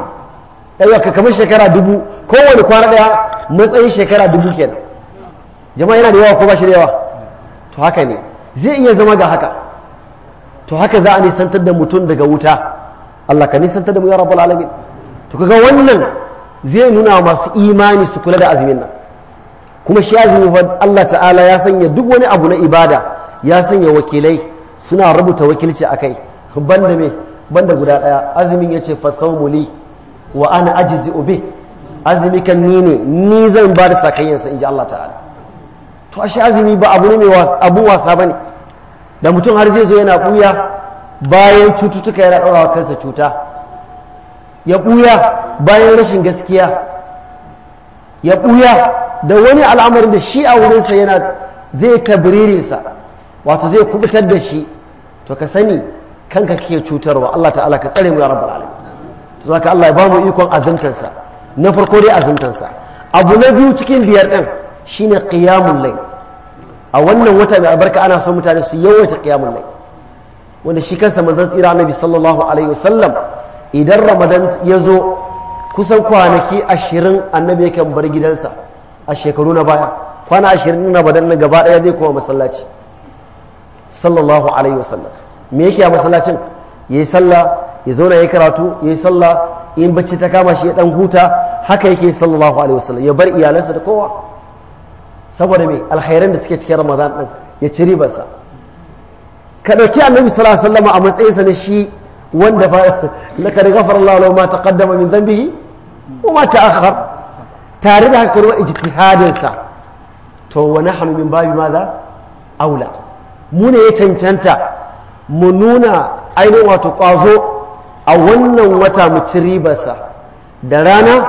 ɗaya ka kamar shekara dubu kowane kwana ɗaya matsayin shekara dubu kenan jama'a yana da yawa ko ba shi da yawa to haka ne zai iya zama ga haka to haka za a nisantar da mutum daga wuta Allah ka nisanta da mu ya rabbal alamin to kaga wannan zai nuna masu imani su kula da azumin nan kuma shi azumi Allah ta'ala ya sanya duk wani abu na ibada ya sanya wakilai suna rubuta wakilci akai banda me banda guda daya azumin yace fa sawmuli wa ana ajzi bi azumi kan ni ne ni zan ba da sakayyan sa inji Allah ta'ala to ashe azumi ba abu ne mai abu wasa bane da mutum har zai zo yana buya bayan cututtuka yana ɗaurawa kansa cuta ya ɓuya bayan rashin gaskiya ya ɓuya da wani al'amarin da shi a wurinsa yana zai tabririnsa wato zai kubutar da shi to ka sani kanka kake cutarwa Allah ta'ala ka tsare mu ya rabbal alamin to zaka Allah ya bamu ikon azuntansa na farko dai azuntansa abu na biyu cikin biyar din shine qiyamul layl a wannan wata mai albarka ana so mutane su yawaita qiyamul layl wanda shi kansa manzon tsira annabi sallallahu alaihi wasallam idan ramadan ya zo kusan kwanaki ashirin annabi yakan bar gidansa a shekaru na baya kwana ashirin na Ramadan na gaba ɗaya zai koma masallaci sallallahu alaihi wasallam me yake a masallacin ya yi sallah ya zauna ya karatu ya yi sallah in bacci ta kama shi ya dan huta haka yake sallallahu alaihi wasallam ya bar iyalansa da kowa saboda me alkhairan da suke cikin ramadan din ya ci ribarsa ka ɗauki annabi sallallahu alaihi wasallam a matsayinsa na shi wanda fa laka da gafara Allah lahu ma taqaddama min dhanbihi wa ma ta'akhkhar tare da haka ruwa ijtihadin sa to wa nahnu min babi madha aula mu ne ya cancanta mu nuna ainihin wato kwazo a wannan wata mu ci ribarsa da rana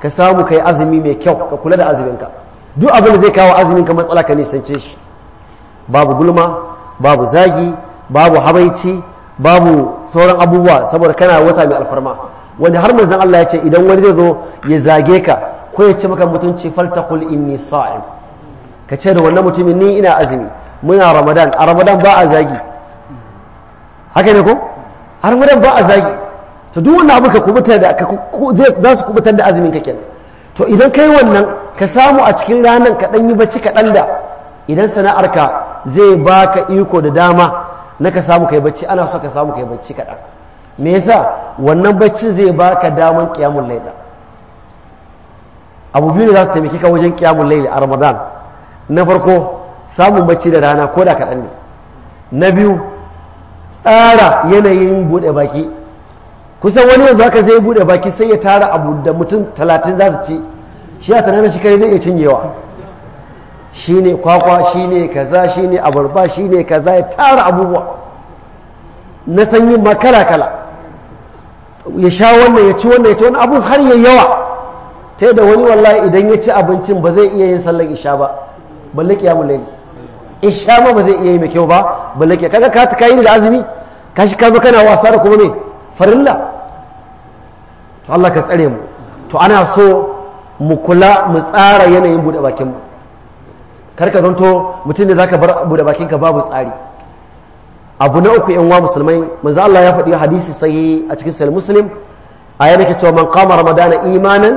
ka samu kai azumi mai kyau ka kula da azuminka duk abin da zai kawo azuminka matsala ka nisance shi babu gulma babu zagi babu habaici babu sauran abubuwa saboda kana wata mai alfarma wani har manzan Allah ya ce idan wani zai zo ya zage ka ko ya ce maka mutunci faltaqul inni sa'im ka ce da wannan mutumin ni ina azumi muna ramadan a ramadan ba a zagi haka ne ko a ramadan ba a zagi to duk wannan abu ka kubutar da ka za su kubutar da azumin ka kenan to idan kai wannan ka samu a cikin ranar ka dan yi bacci ka dan da idan sana'arka zai baka iko da dama na ka samu kai bacci ana so ka samu kai bacci kaɗan me yasa wannan baccin zai baka daman kiyamun laila abu biyu ne za su taimake ka wajen kiyamun laila a ramadan na farko samun bacci da rana ko da kaɗan ne na biyu tsara yanayin buɗe baki kusan wani yanzu haka zai buɗe baki sai ya tara abu da mutum talatin za su ci shi a tunanin shi kai zai iya cinyewa shine kwakwa shine kaza shine abarba shine kaza ya tara abubuwa na sanyi ma kala kala ya sha wannan ya ci wannan ya ci wannan abun har ya yawa ta da wani wallahi idan ya ci abincin ba zai iya yin sallar isha ba balle kiyamul layl isha ma ba zai iya yi mai kyau ba balle kiya kaga ka ta kai da azumi kashi ka zo kana wasa da kuma me farilla Allah ka tsare mu to ana so mu kula mu tsara yanayin bude bakin mu karka zanto mutum ne zaka bar abu da bakinka babu tsari abu na uku yan wa musulmai manzo Allah ya faɗi hadisi sahihi a cikin sahih muslim a yana ke cewa man qama ramadana imanan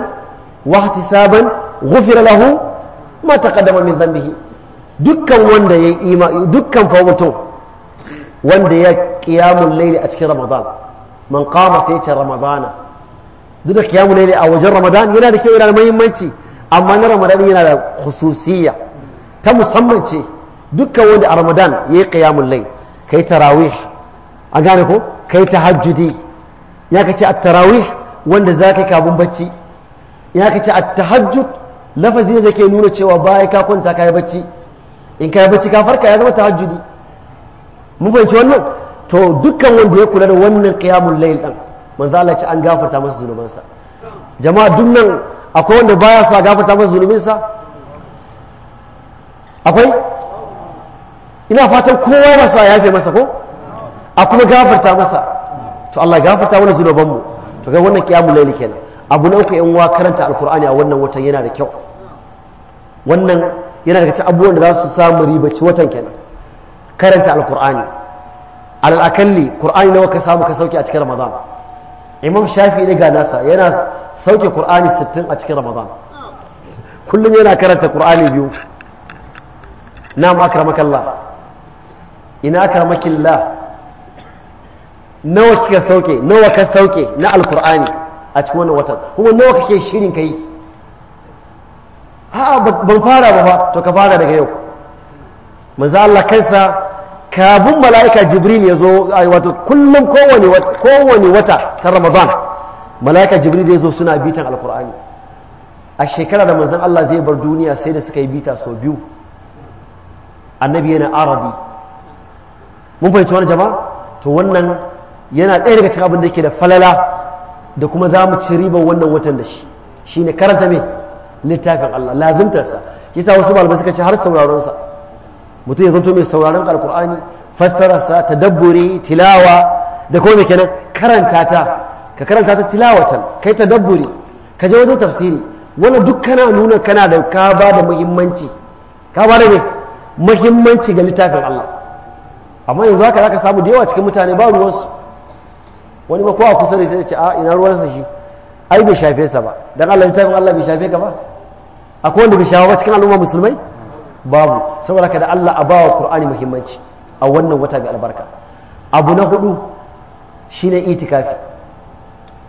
wa ihtisaban ghufira lahu ma taqaddama min dhanbihi dukkan wanda ya imani dukkan fa mutum wanda ya qiyamul layli a cikin ramadan man qama sai ce ramadana duk da qiyamul layli a wajen ramadan yana da kyau yana da muhimmanci amma na ramadan yana da khususiyya ta musamman ce dukkan wanda a ramadan ya yi ƙiyamun lai kai tarawih a gane ko kai hajjudi ya kace a tarawih wanda za ka kabin bacci ya kace a hajjud lafazi da ke nuna cewa baya ka kwanta ka yi bacci in ka yi bacci ka farka ya zama hajjudi mun fahimci wannan to dukkan wanda ya kula da wannan ƙiyamun lai ɗan manzo Allah ya an gafarta masa zunubansa jama'a duk akwai wanda baya sa gafarta masa zunubinsa akwai ina fatan kowa masu a yafe masa ko a kuma gafarta masa to Allah gafarta wani zunubanmu to ga wannan kiyamun laili kenan abu nan ku yan wa karanta alkur'ani a wannan watan yana da kyau wannan yana daga cikin abubuwan da za su samu ribaci watan kenan karanta alkur'ani al'akalli akalli qur'ani nawa ka samu ka sauke a cikin ramadan imam shafi ne ga nasa yana sauke qur'ani 60 a cikin ramadan kullum yana karanta qur'ani biyu na'am akramakallah ina akramakillah nawa kika sauke ka sauke na alkur'ani a cikin wannan watan kuma nawa kake shirin kayi a'a ban fara ba fa to ka fara daga yau manzo Allah kansa kafin mala'ika jibril ya zo wato kullum kowane kowane wata ta ramadan mala'ika jibril zai zo suna bitan alkur'ani a shekara da manzon Allah zai bar duniya sai da suka yi bita sau biyu annabi yana arabi mun fahimci wani jama'a to wannan yana ɗaya daga cikin abin da yake da falala da kuma za mu ci riba wannan watan da shi ne karanta mai littafin Allah lazimtarsa yasa wasu malamai suka ce har sauraron sa mutum ya zanto mai sauraron alkur'ani fassararsa tadabburi tilawa da kuma kenan karanta ta ka karanta ta tilawatan kai tadabburi ka je wajen tafsiri wannan duk kana nuna kana da ka ba da muhimmanci ka ba da ne muhimmanci ga littafin Allah amma yanzu haka zaka samu da yawa cikin mutane ba ruwansu wani ba kowa kusa da ita ce a ina ruwansa shi ai bai shafe sa ba don Allah littafin Allah bai shafe ka ba a kowanne bai shafa ba cikin al'umma musulmai babu saboda ka da Allah a bawa Qur'ani muhimmanci a wannan wata mai albarka abu na hudu shine itikafi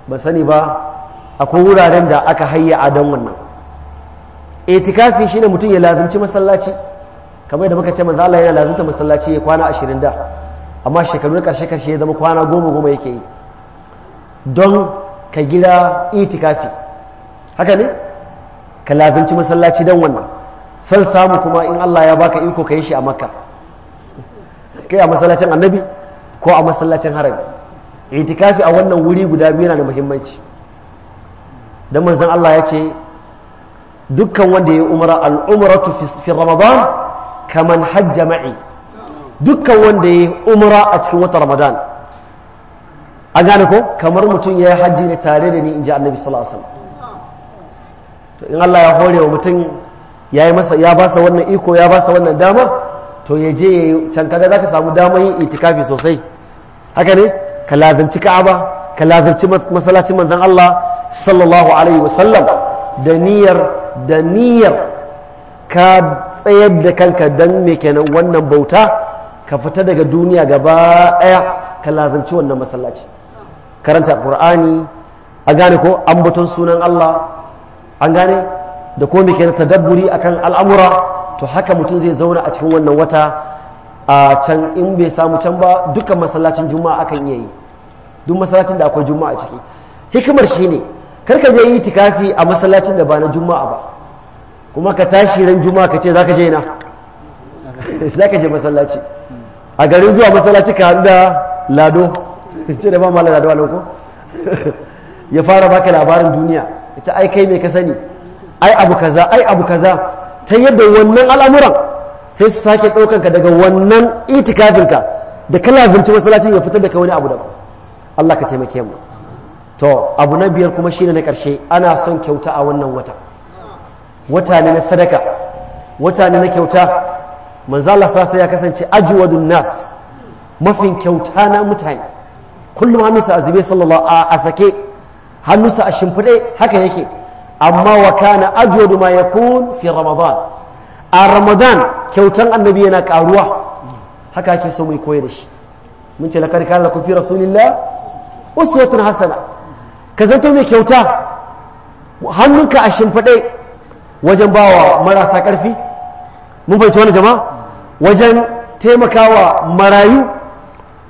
ba sani ba akwai wuraren da aka hayya a don wannan itikafi shine mutum ya lazimci masallaci kamar da muka ce manzo Allah yana lazunta masallaci ya kwana 20 da amma shekaru na karshe karshe ya zama kwana goma goma yake yi don ka gida itikafi haka ne ka lazunci masallaci don wannan san samu kuma in Allah ya baka iko ka yi shi a makka kai a masallacin annabi ko a masallacin harabi itikafi a wannan wuri guda biyu na da muhimmanci don manzon Allah ya ce dukkan wanda ya umara al'umratu fi ramadan kaman hajja ma'i dukkan wanda ya yi umra a cikin watan ramadan a gane ko kamar mutum ya yi hajji ne tare da ni in ji annabi sallallahu to in Allah ya hore wa mutum ya yi masa ya basa wannan iko ya basa wannan dama to ya je ya yi can kaga zaka samu damar yin itikafi sosai haka ne ka lazanci ka'aba ka lazanci masallacin manzon Allah sallallahu alaihi sallam da niyyar da niyyar ka tsayar da kanka don me kenan wannan bauta ka fita daga duniya gaba ɗaya ka lazanci wannan masallaci karanta qur'ani a gane ko an batun sunan Allah an gane da ko me kenan tadabburi akan al'amura to haka mutum zai zauna a cikin wannan wata a can in bai samu can ba dukkan masallacin juma'a akan iya yi duk masallacin da akwai juma'a ciki hikimar shine karka je yi tikafi a masallacin da ba na juma'a ba kuma ka tashi ran juma ka ce za ka je na, za ka je masallaci a garin zuwa masallaci ka haɗu da lado ce da ba mala lado alauko ya fara baka labarin duniya ya ce ai kai mai ka sani ai abu kaza ai abu kaza ta yadda wannan al'amuran sai su sake ɗaukan ka daga wannan itikafinka da ka lafinci masallacin ya fitar da ka wani abu daban Allah ka taimake mu to abu na biyar kuma shine na ƙarshe ana son kyauta a wannan watan. wata ne na sadaka wata ne na kyauta manzo Allah sai ya kasance ajwadun nas mafin kyauta na mutane kullum hannunsa a zube sallallahu a sake hannunsa a shimfiɗe haka yake amma wa kana ajwadu ma yakun fi ramadan a ramadan kyautan annabi yana karuwa haka ake so mai koyar da shi mun ce laqad kana lakum rasulillah uswatun hasana ka zanto mai kyauta hannunka a shimfiɗe wajen bawa marasa ƙarfi mun fahimci wani jama'a wajen taimakawa marayu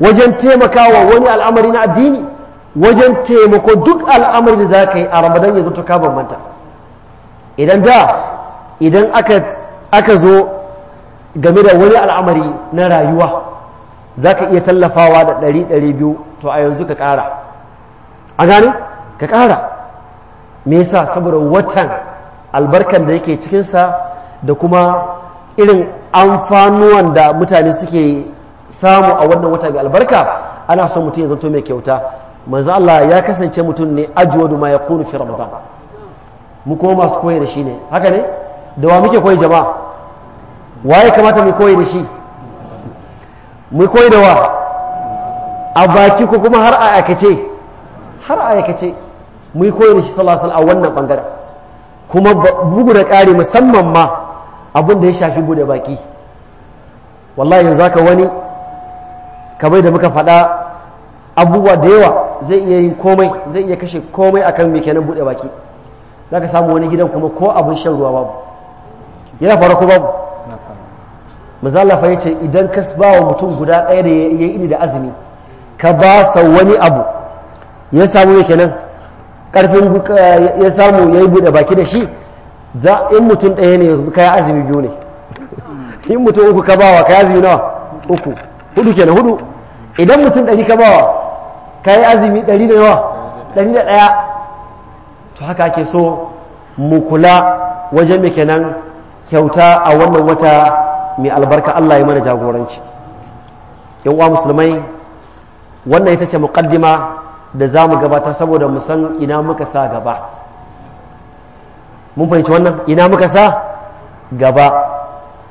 wajen taimakawa wani al'amari na addini wajen taimako duk al'amari da za ka yi a ramadan yanzu zuta kaban manta idan da idan aka zo game da wani al'amari na rayuwa za ka iya tallafawa da ɗari ɗari biyu to a yanzu ka ƙara a gane ka ƙara me yasa saboda watan albarkan da yake cikinsa da kuma irin amfanuwan da mutane suke samu a wannan wata mai albarka ana son mutum ya zanto mai kyauta manzo Allah ya kasance mutum ne ajwadu ma yakunu fi ramadan mu kuma masu koyi da shi ne haka ne da wa muke koyi jama'a waye kamata mu koyi da shi mu koyi da wa a baki ko kuma har a aikace har a aikace mu koyi da shi sallallahu alaihi wasallam a wannan bangaren kuma bugu da ƙari musamman ma abin da ya shafi bude baki wallahi yanzu haka wani bai da muka faɗa abubuwa da yawa zai iya yin komai zai iya kashe komai akan mai kenan bude baki za ka samu wani gidan kuma ko abin shan ruwa babu yana faru ko babu mazalafa ya ce idan ka ba wa mutum guda ɗaya da ya yi da azumi ka ba sa wani abu ya samu mai kenan karfin eh, ya samu ya yi buɗe baki da shi za in mutum ɗaya ne kaya azumi biyu ne in mutum uku ka bawa ka yi azumi nawa uku hudu kenan hudu idan mutum ɗari ka bawa ka yi azumi ɗari da yawa ɗari da ɗaya to haka ake so mu kula wajen mai kenan kyauta a wannan wata mai albarka Allah ya mana jagoranci yan uwa musulmai wannan ita ce muqaddima da za mu gabata saboda mu san ina muka sa gaba mun fahimci wannan ina muka sa gaba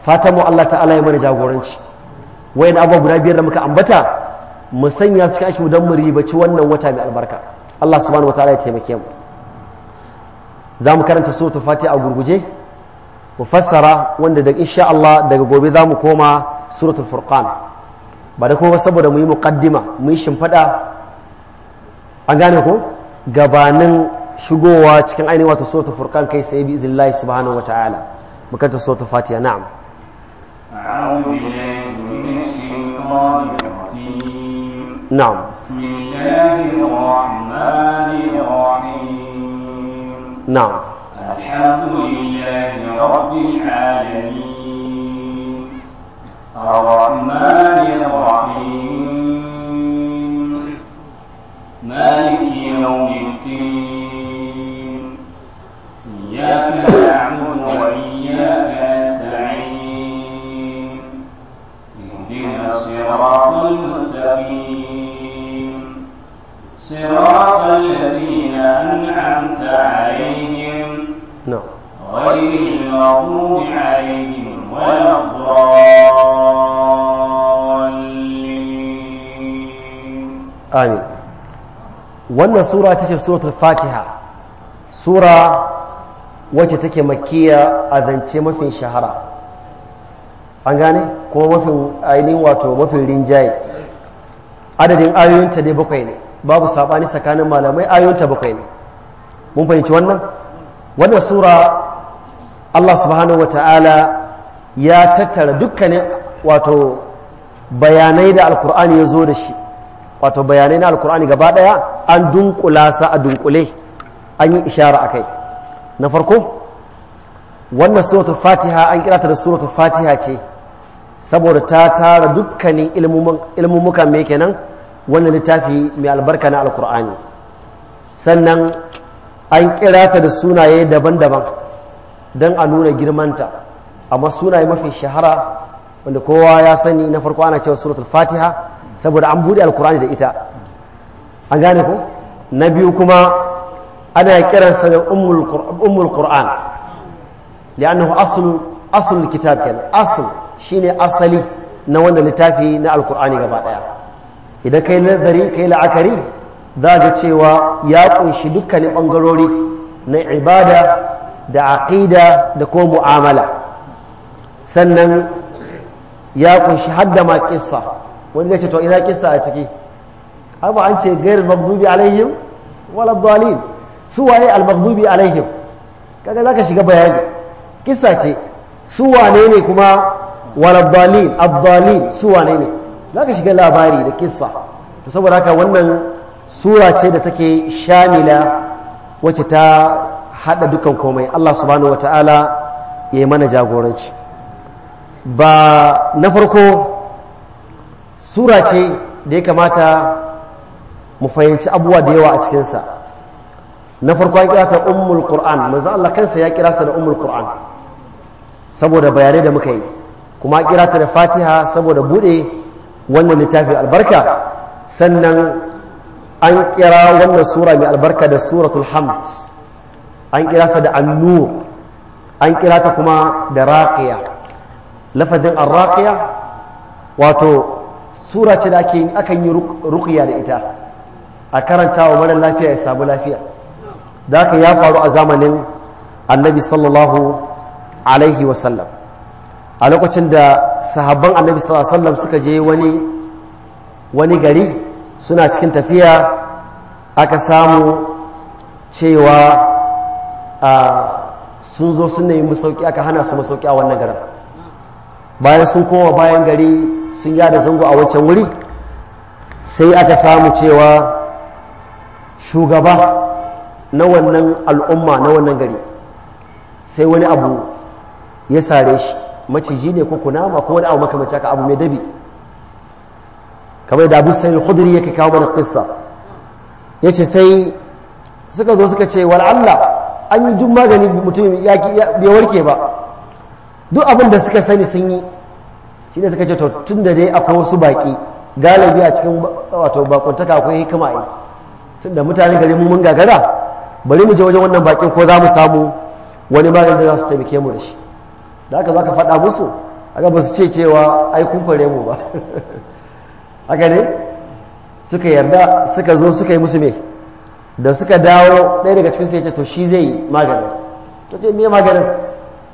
fatan mu Allah ta'ala ya mana jagoranci wayan abubuwa guda biyar da muka ambata mu sanya cikin aiki don mu ribaci wannan wata mai albarka Allah subhanahu wataala ya taimake mu za mu karanta suratul fatiha a gurguje mu fassara wanda da insha Allah daga gobe za mu koma suratul furqan ba da kuma saboda mu yi muqaddima mu yi shimfada. an gane ku gabanin shigowa cikin ainihin wata sota furkan kai sai bi iznillahi subhanahu wa ta'ala mukanta suratul fatiha na'am نعم بسم الله الرحمن الحمد لله رب العالمين الرحمن الرحيم مالك يوم الدين إياك نعبد وإياك نستعين اهدنا الصراط المستقيم صراط الذين أنعمت عليهم غير المغضوب عليهم ولا الضالين آمين wannan sura ta ce suratul fatiha sura wacce take makiya a zance mafin shahara an gane kuma mafin ainihin wato mafin rinjaye adadin ayoyinta dai bakwai ne babu saɓani tsakanin malamai ayoyinta bakwai ne mun fahimci wannan wannan sura allah subhanahu wata'ala ya tattara dukkanin wato bayanai da alkur'ani ya zo da shi wato bayanai na alkur'ani gaba daya an dunkula sa a dunkule an yi ishara akai na farko wannan suratul fatiha an kira ta da suratul fatiha ce saboda ta tara dukkanin ilmumuka mai kenan wannan littafi mai albarka na alkur'ani sannan an kira ta da sunaye daban-daban don a nuna girmanta amma sunaye mafi shahara wanda kowa ya sani na farko ana cewa suratul fatiha saboda an buɗe alkur'ani da ita an gane ku na biyu kuma ana kiransa da ummul qur'an li'annahu aslu aslul kitab kenan asl shine asali na wanda littafi na alkur'ani gaba idan kai nazari kai la'akari za ga cewa ya ƙunshi dukkanin bangarori na ibada da aqida da ko mu'amala sannan ya ƙunshi hadda ma kissa wani zai ce to ina kisa a ciki abu an ce gairar magdubi alaihim wala dalil su wane al-magdubi alaihim kaga zaka shiga bayani kissa ce su wane ne kuma wala dalil ad su wane ne zaka shiga labari da kissa to saboda haka wannan sura ce da take shamila wacce ta hada dukan komai Allah subhanahu wataala ya yi mana jagoranci ba na farko sura ce da ya kamata mu fahimci abubuwa da yawa a cikinsa na farko an kira ta ummul qur'an manzo Allah kansa ya kira sa da ummul qur'an saboda bayanai da muka yi kuma kira ta da fatiha saboda bude wannan littafi albarka sannan an kira wannan sura mai albarka da suratul hamd an kira sa da annur an kira ta kuma da raqiya lafazin arraqiya wato sura ce da ake akan yi rukiya da ita a karanta wa mara lafiya ya samu lafiya da aka ya faru a zamanin annabi sallallahu alaihi wasallam a lokacin da sahabban annabi sallallahu alaihi wasallam suka je wani wani gari suna cikin tafiya aka samu cewa sun zo sun nemi masauki aka hana su masauki a wannan garin bayan sun koma bayan gari sun ya da zango a wancan wuri sai aka samu cewa shugaba na wannan al'umma na wannan gari sai wani abu ya sare shi maciji ne ko kunama ko wani abu makamaci haka abu mai dabi kamar da abu sai khudri yake kawo mana ya ce sai suka zo suka ce Wani Allah an yi jin magani mutum ya warke ba duk abin da suka sani sun yi shi ne suka ce tun da dai akwai wasu baƙi galibi a cikin wato bakuntaka akwai hikima yi tun da mutane gari mu mun gagara bari mu je wajen wannan baƙin ko za mu samu wani magani da za su taimake mu da shi da haka za ka faɗa musu aka ba su ce cewa ai kun kware mu ba haka ne suka yarda suka zo suka yi musu me da suka dawo ɗaya daga cikin sai ya ce to shi zai yi maganin to ce me maganin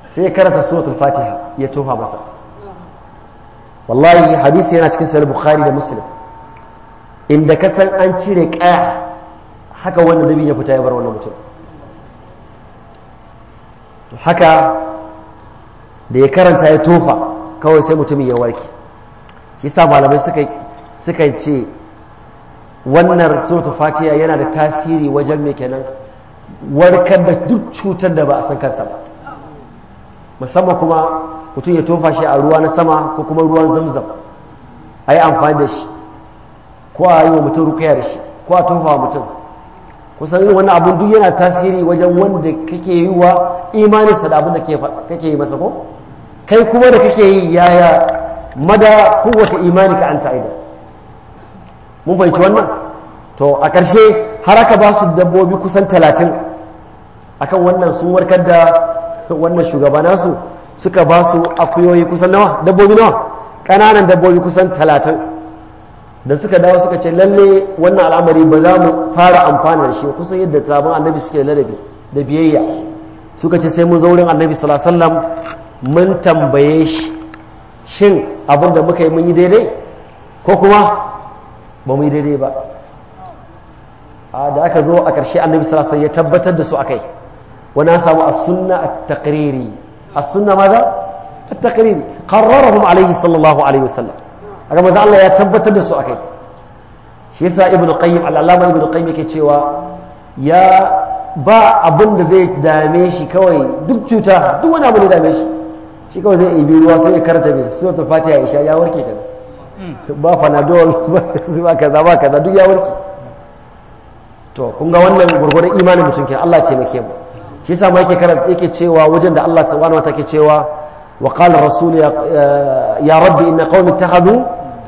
sai ya karanta suratul fatiha ya tofa masa wallahi hadisi yana cikin sahih bukhari da muslim inda ka san an cire kaya haka wannan nabi ya fita ya bar wannan mutum haka da ya karanta ya tofa kawai sai mutumin ya warke shi sa malamai suka ce wannan suratul fatiha yana da tasiri wajen me kenan warkar da duk cutar da ba a san kansa ba musamman kuma mutum ya tofa shi a ruwa na sama ko kuma ruwan zamzam a yi amfani da shi ko a yi wa mutum rukayar shi ko a tofa wa mutum kusan yin wani abin duk yana tasiri wajen wanda kake yi wa imaninsa da abin da kake yi masa ko kai kuma da kake yi yaya mada kowace imani ka an ta'ida mun fahimci wannan to a ƙarshe har aka ba su dabbobi kusan talatin akan wannan sun warkar da wannan shugaba nasu suka ba su akuyoyi kusan nawa dabbobi nawa ƙananan dabbobi kusan talatin da suka dawo suka ce lalle wannan al'amari ba za mu fara amfana da shi kusan yadda sabon annabi suke ladabi da biyayya suka ce sai mun zo wurin annabi sallallahu alaihi wasallam mun tambaye shi shin abin da muka yi mun yi daidai ko kuma ba mu yi daidai ba a da aka zo a ƙarshe annabi sallallahu alaihi wasallam ya tabbatar da su akai wani an samu as-sunna at-taqriri as-sunna maza at-taqrir qarrarahum alayhi sallallahu alaihi wasallam aga maza Allah ya tabbatar da su kai shi yasa ibn qayyim al-allama ibn qayyim yake cewa ya ba abin da zai dame shi kawai duk cuta duk wani abu da dame shi shi kawai zai ruwa sai ya ya warke ba fanadol ba kaza ba kaza duk ya warke to kun ga wannan gurgurin imanin mutum ke Allah ce muke mu shi sa yake karanta yake cewa wajen da Allah subhanahu wataala ke cewa wa qala rasul ya rabbi inna qaumi ittakhadhu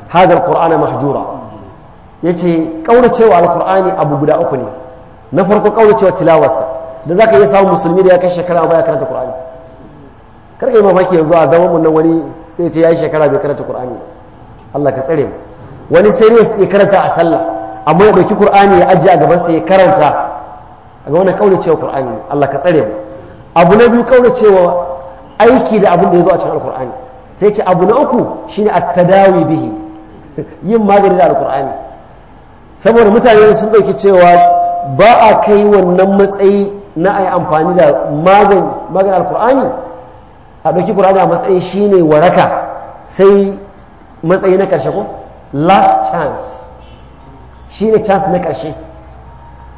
hadha alqur'ana mahjura yace cewa alqur'ani abu guda uku ne na farko kauracewa tilawarsa da zaka iya samu musulmi da ya kai shekara baya karanta qur'ani kar ka yi mamaki yanzu a zaman mun nan wani zai ce yayi shekara bai karanta qur'ani Allah ka tsare mu wani serious ya karanta a sallah amma ya dauki qur'ani ya ajiye a gaban sa ya karanta ga wani kaure cewa qur'ani Allah ka tsare mu abu na biyu kaure cewa aiki da abin da zo a cikin Alƙur'ani sai ce abu na uku shine at-tadawi bihi yin magani da Alƙur'ani saboda mutane sun ɗauki cewa ba a kai wannan matsayi na yi amfani da magani maganin Alƙur'ani a ɗauki ƙur'ani a matsayin shine waraka sai matsayi na ƙarshe ko last chance shine chance na karshe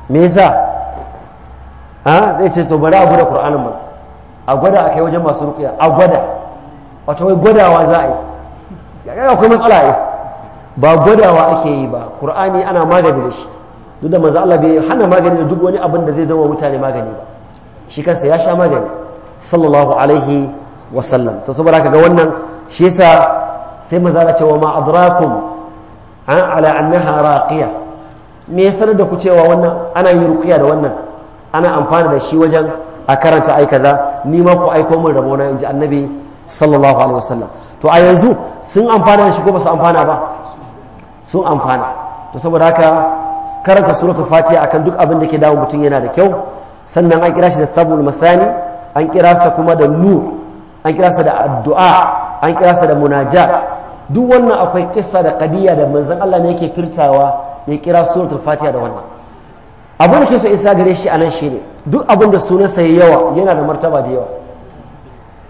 me yasa ha zai ce to bari a gwada qur'anin ba a gwada kai wajen masu ruqya a gwada wato wai gwadawa za a yi ya akwai matsala yi ba gwadawa ake yi ba qur'ani ana magani da shi duk da maza Allah hana magani da duk wani abin da zai zama mutane magani ba shi kansa ya sha magani sallallahu alaihi wa sallam to ka ga wannan shi yasa sai maza da cewa ma adrakum an ala annaha raqiya me ya sanar da ku cewa wannan ana yin ruqiya da wannan ana amfana da shi wajen a karanta ai kaza ni ma ku aiko min rabona na inji annabi sallallahu alaihi wasallam to a yanzu sun amfana da shi ko ba su amfana ba sun amfana to saboda haka karanta suratul fatiha akan duk abin da ke dawo mutum yana da kyau sannan an kira shi da sabul masani an kira sa kuma da nur an kira sa da addu'a an kira sa da munaja duk wannan akwai kissa da qadiya da manzon Allah ne yake firtawa ya kira suratul fatiha da wannan abin da ke so isa gare shi a nan ne duk abin da sunansa ya yawa yana da martaba da yawa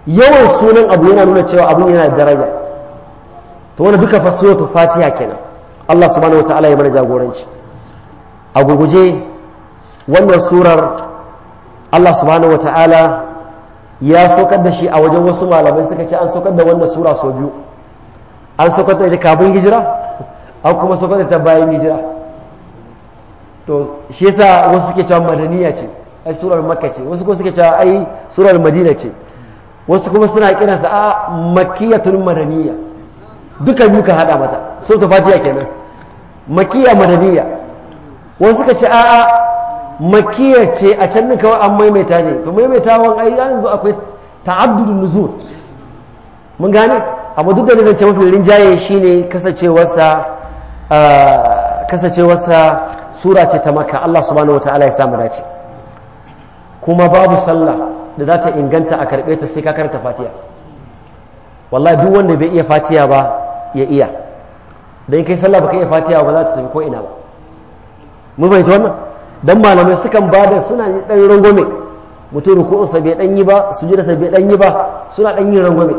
yawan sunan abu yana nuna cewa abin yana da daraja to wani duka fa suratu fatiha kenan Allah subhanahu wataala ya mana jagoranci a guguje wannan surar Allah subhanahu wataala ya saukar da shi a wajen wasu malamai suka ce an saukar da wannan sura sau biyu an saukar da ita kafin hijira an kuma saukar da ta bayan hijira to shi yasa wasu suke cewa madaniya ce ai surar makka ce wasu kuma suke cewa ai surar madina ce wasu kuma suna kiransa a makkiyatul madaniya duka biyu ka hada mata so ta fatiya kenan makkiya madaniya wasu suka ce a makkiya ce a can ne kawai an maimaita ne to maimaita wan ai yanzu akwai ta'addudun nuzul mun gane amma duk da ne ce mafi rinjaye shine kasancewarsa ah, kasancewarsa sura ce ta maka Allah subhanahu ta'ala ya samu dace kuma babu sallah da za ta inganta a karɓe ta sai ka karanta fatiha wallahi duk wanda bai iya fatiha ba ya iya dan kai sallah baka iya fatiha ba za ta tafi ko ina ba mun fahimci wannan dan malamai sukan bada suna dan rangwame mutum sa bai dan yi ba sa bai dan yi ba suna dan yin rangwame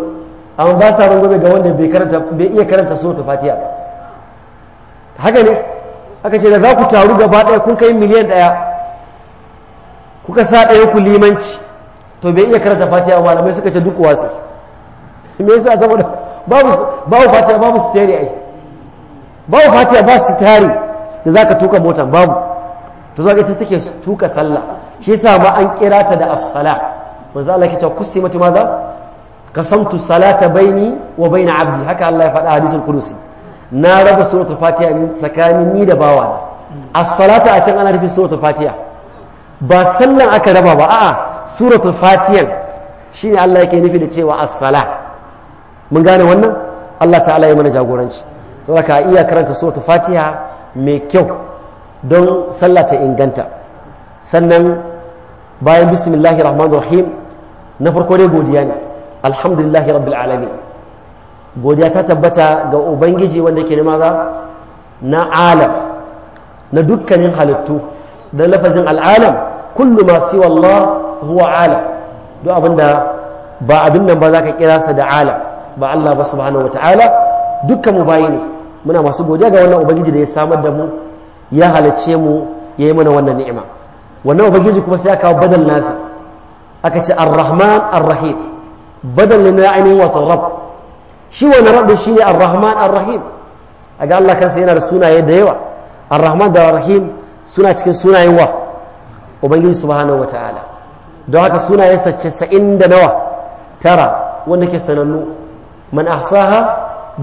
amma ba sa rangwame ga wanda bai iya karanta ta fatiha haka ne aka ce da za ku taru gaba ɗaya kun kai miliyan ɗaya kuka sa ɗaya ku limanci to bai iya karanta fatiya ba malamai suka ce duk wasu me yasa saboda babu babu fatiya babu su tare ai babu fatiya ba su tare da zaka tuka mota babu to zaka ita take tuka sallah shi yasa ba an kira ta da as-sala manzo Allah kita kusi mata maza kasamtu salata baini wa baina abdi haka Allah ya faɗa hadisul kursi na raba suratul fatiha tsakanin ni da bawa na as-salata a can ana rufe suratul fatiha ba sallan aka raba ba a'a suratul fatiha shine Allah yake nufi da cewa as-sala mun gane wannan Allah ta'ala ya mana jagoranci saboda iya karanta suratul fatiha mai kyau don sallah ta inganta sannan bayan bismillahir rahmanir rahim na farko dai godiya ne alhamdulillahi rabbil alamin godiya ta tabbata ga ubangiji wanda ke nema na alam na dukkanin halittu da lafazin al'alam kullu ma siwa Allah huwa alam duk abinda ba abin nan ba za ka kira sa da alam ba Allah ba subhanahu wata'ala dukkan mu bayi ne muna masu godiya ga wannan ubangiji da ya samar da mu ya halacce mu ya yi mana wannan ni'ima wannan ubangiji kuma sai aka kawo badal nasa aka ce ar-rahman ar-rahim badal ne na ainihin wato rabb shi wani rabu shi ne ar-rahman rahim a ga Allah kansa yana da sunaye da yawa ar-rahman da ar-rahim suna cikin sunayen wa ubangiji subhanahu wataala don haka sunayensa sa'in da nawa tara wanda ke sanannu man ahsaha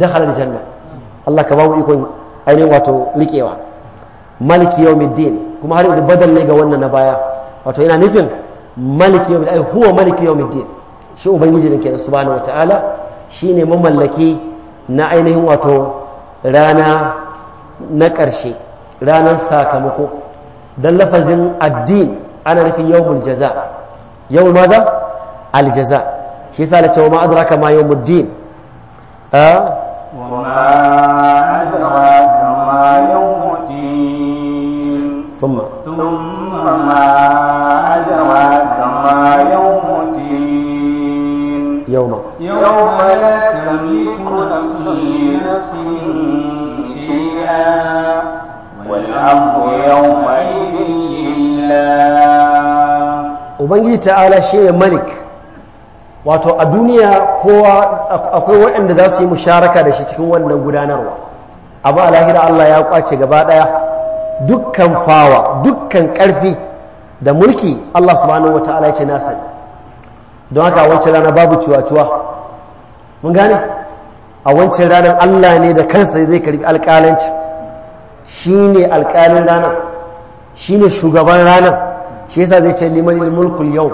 halar janna Allah ka ba mu ikon ainihin wato rikewa maliki yawmiddin kuma har yanzu badal ne ga wannan na baya wato yana nufin maliki yawmiddin ai huwa maliki yawmiddin shi ubangiji ne kenan subhanahu wataala Shi ne mamallaki na ainihin wato rana na ƙarshe ranar sakamako don lafazin addin ana nufin yawmul jaza yau maza aljaza shi yasa da cewa ma adraka ma muddin. din ثم ثم ما أدراك ما يوم يوم يوم لا تملك نفس شيئا والأمر يومئذ لله وبنجي تعالى شيء ملك wato a duniya kowa akwai waɗanda za su yi musharaka da shi cikin wannan gudanarwa abu a lahira Allah ya kwace gaba ɗaya dukkan fawa dukkan ƙarfi da mulki Allah subhanahu wa ta'ala ce nasa don haka a wancan rana babu ciwa-ciwa mun gane a wancan ranar allah ne da kansa zai karbi alƙalanci shi ne alƙalin ranar shi ne shugaban ranar shi yasa zai ce liman mulkul yau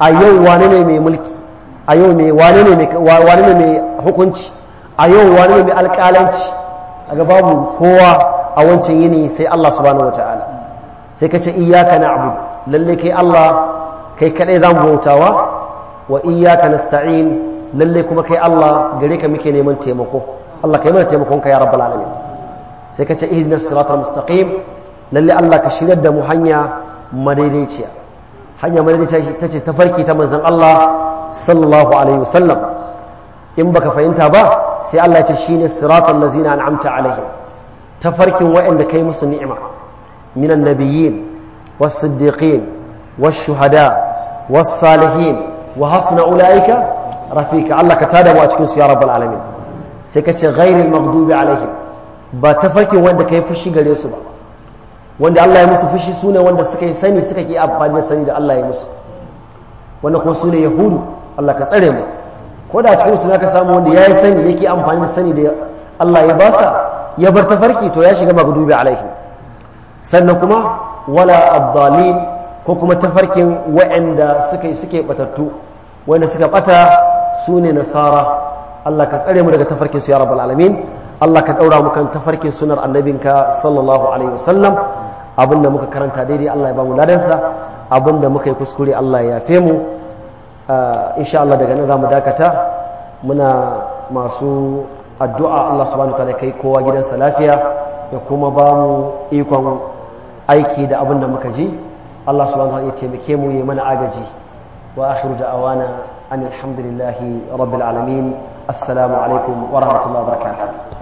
a yau wane ne mai mulki a yau ne wane ne mai hukunci a yau wane ne mai alƙalanci a ga babu kowa a wancan yini sai allah subhanahu wa ta'ala sai ka ce iyaka na abu lallai kai allah kai kaɗai za mu bautawa wa iyyaka nasta'in lalle kuma kai Allah gare ka muke neman taimako Allah kai mana taimakon ka ya rabbal alamin sai ka ce ihdina siratal mustaqim lalle Allah ka shirya da mu hanya madaidaiciya hanya madaidaiciya ta ce ta farki ta manzon Allah sallallahu alaihi wasallam in baka fahimta ba sai Allah ya ce shine siratal ladzina an'amta alaihim tafarkin waɗanda kai musu ni'ima minan nabiyyin was siddiqin was shuhada was salihin wa hasna ulaika rafika Allah ka tada mu a cikin su ya rabbal alamin sai kace ce ghairil maghdubi alaihim ba ta fake wanda kai fushi gare su ba wanda Allah ya musu fushi sune wanda suka yi sani suka ki amfani da sani da Allah ya musu wanda kuma sune yahudu Allah ka tsare mu ko da cikin su ka samu wanda yayi sani yake amfani da sani da Allah ya basa ya bar tafarki to ya shiga maghdubi alaihim sannan kuma wala ad ko kuma tafarkin wa'anda suka yi suke batattu wanda suka bata su ne nasara Allah ka tsare mu daga tafarkin su ya rabu alamin Allah ka ɗaura mu kan tafarkin sunar annabinka sallallahu alaihi wasallam abinda muka karanta daidai Allah ya ba mu ladansa abinda muka yi kuskure Allah ya yafe mu ah, insha Allah daga nan zamu dakata muna masu addu'a Allah subhanahu wataala kai kowa gidansa lafiya ya kuma ba mu ikon aiki da da muka ji الله سبحانه وتعالى يتمكيم ويمنع أجدي وآخر دعوانا أن الحمد لله رب العالمين السلام عليكم ورحمة الله وبركاته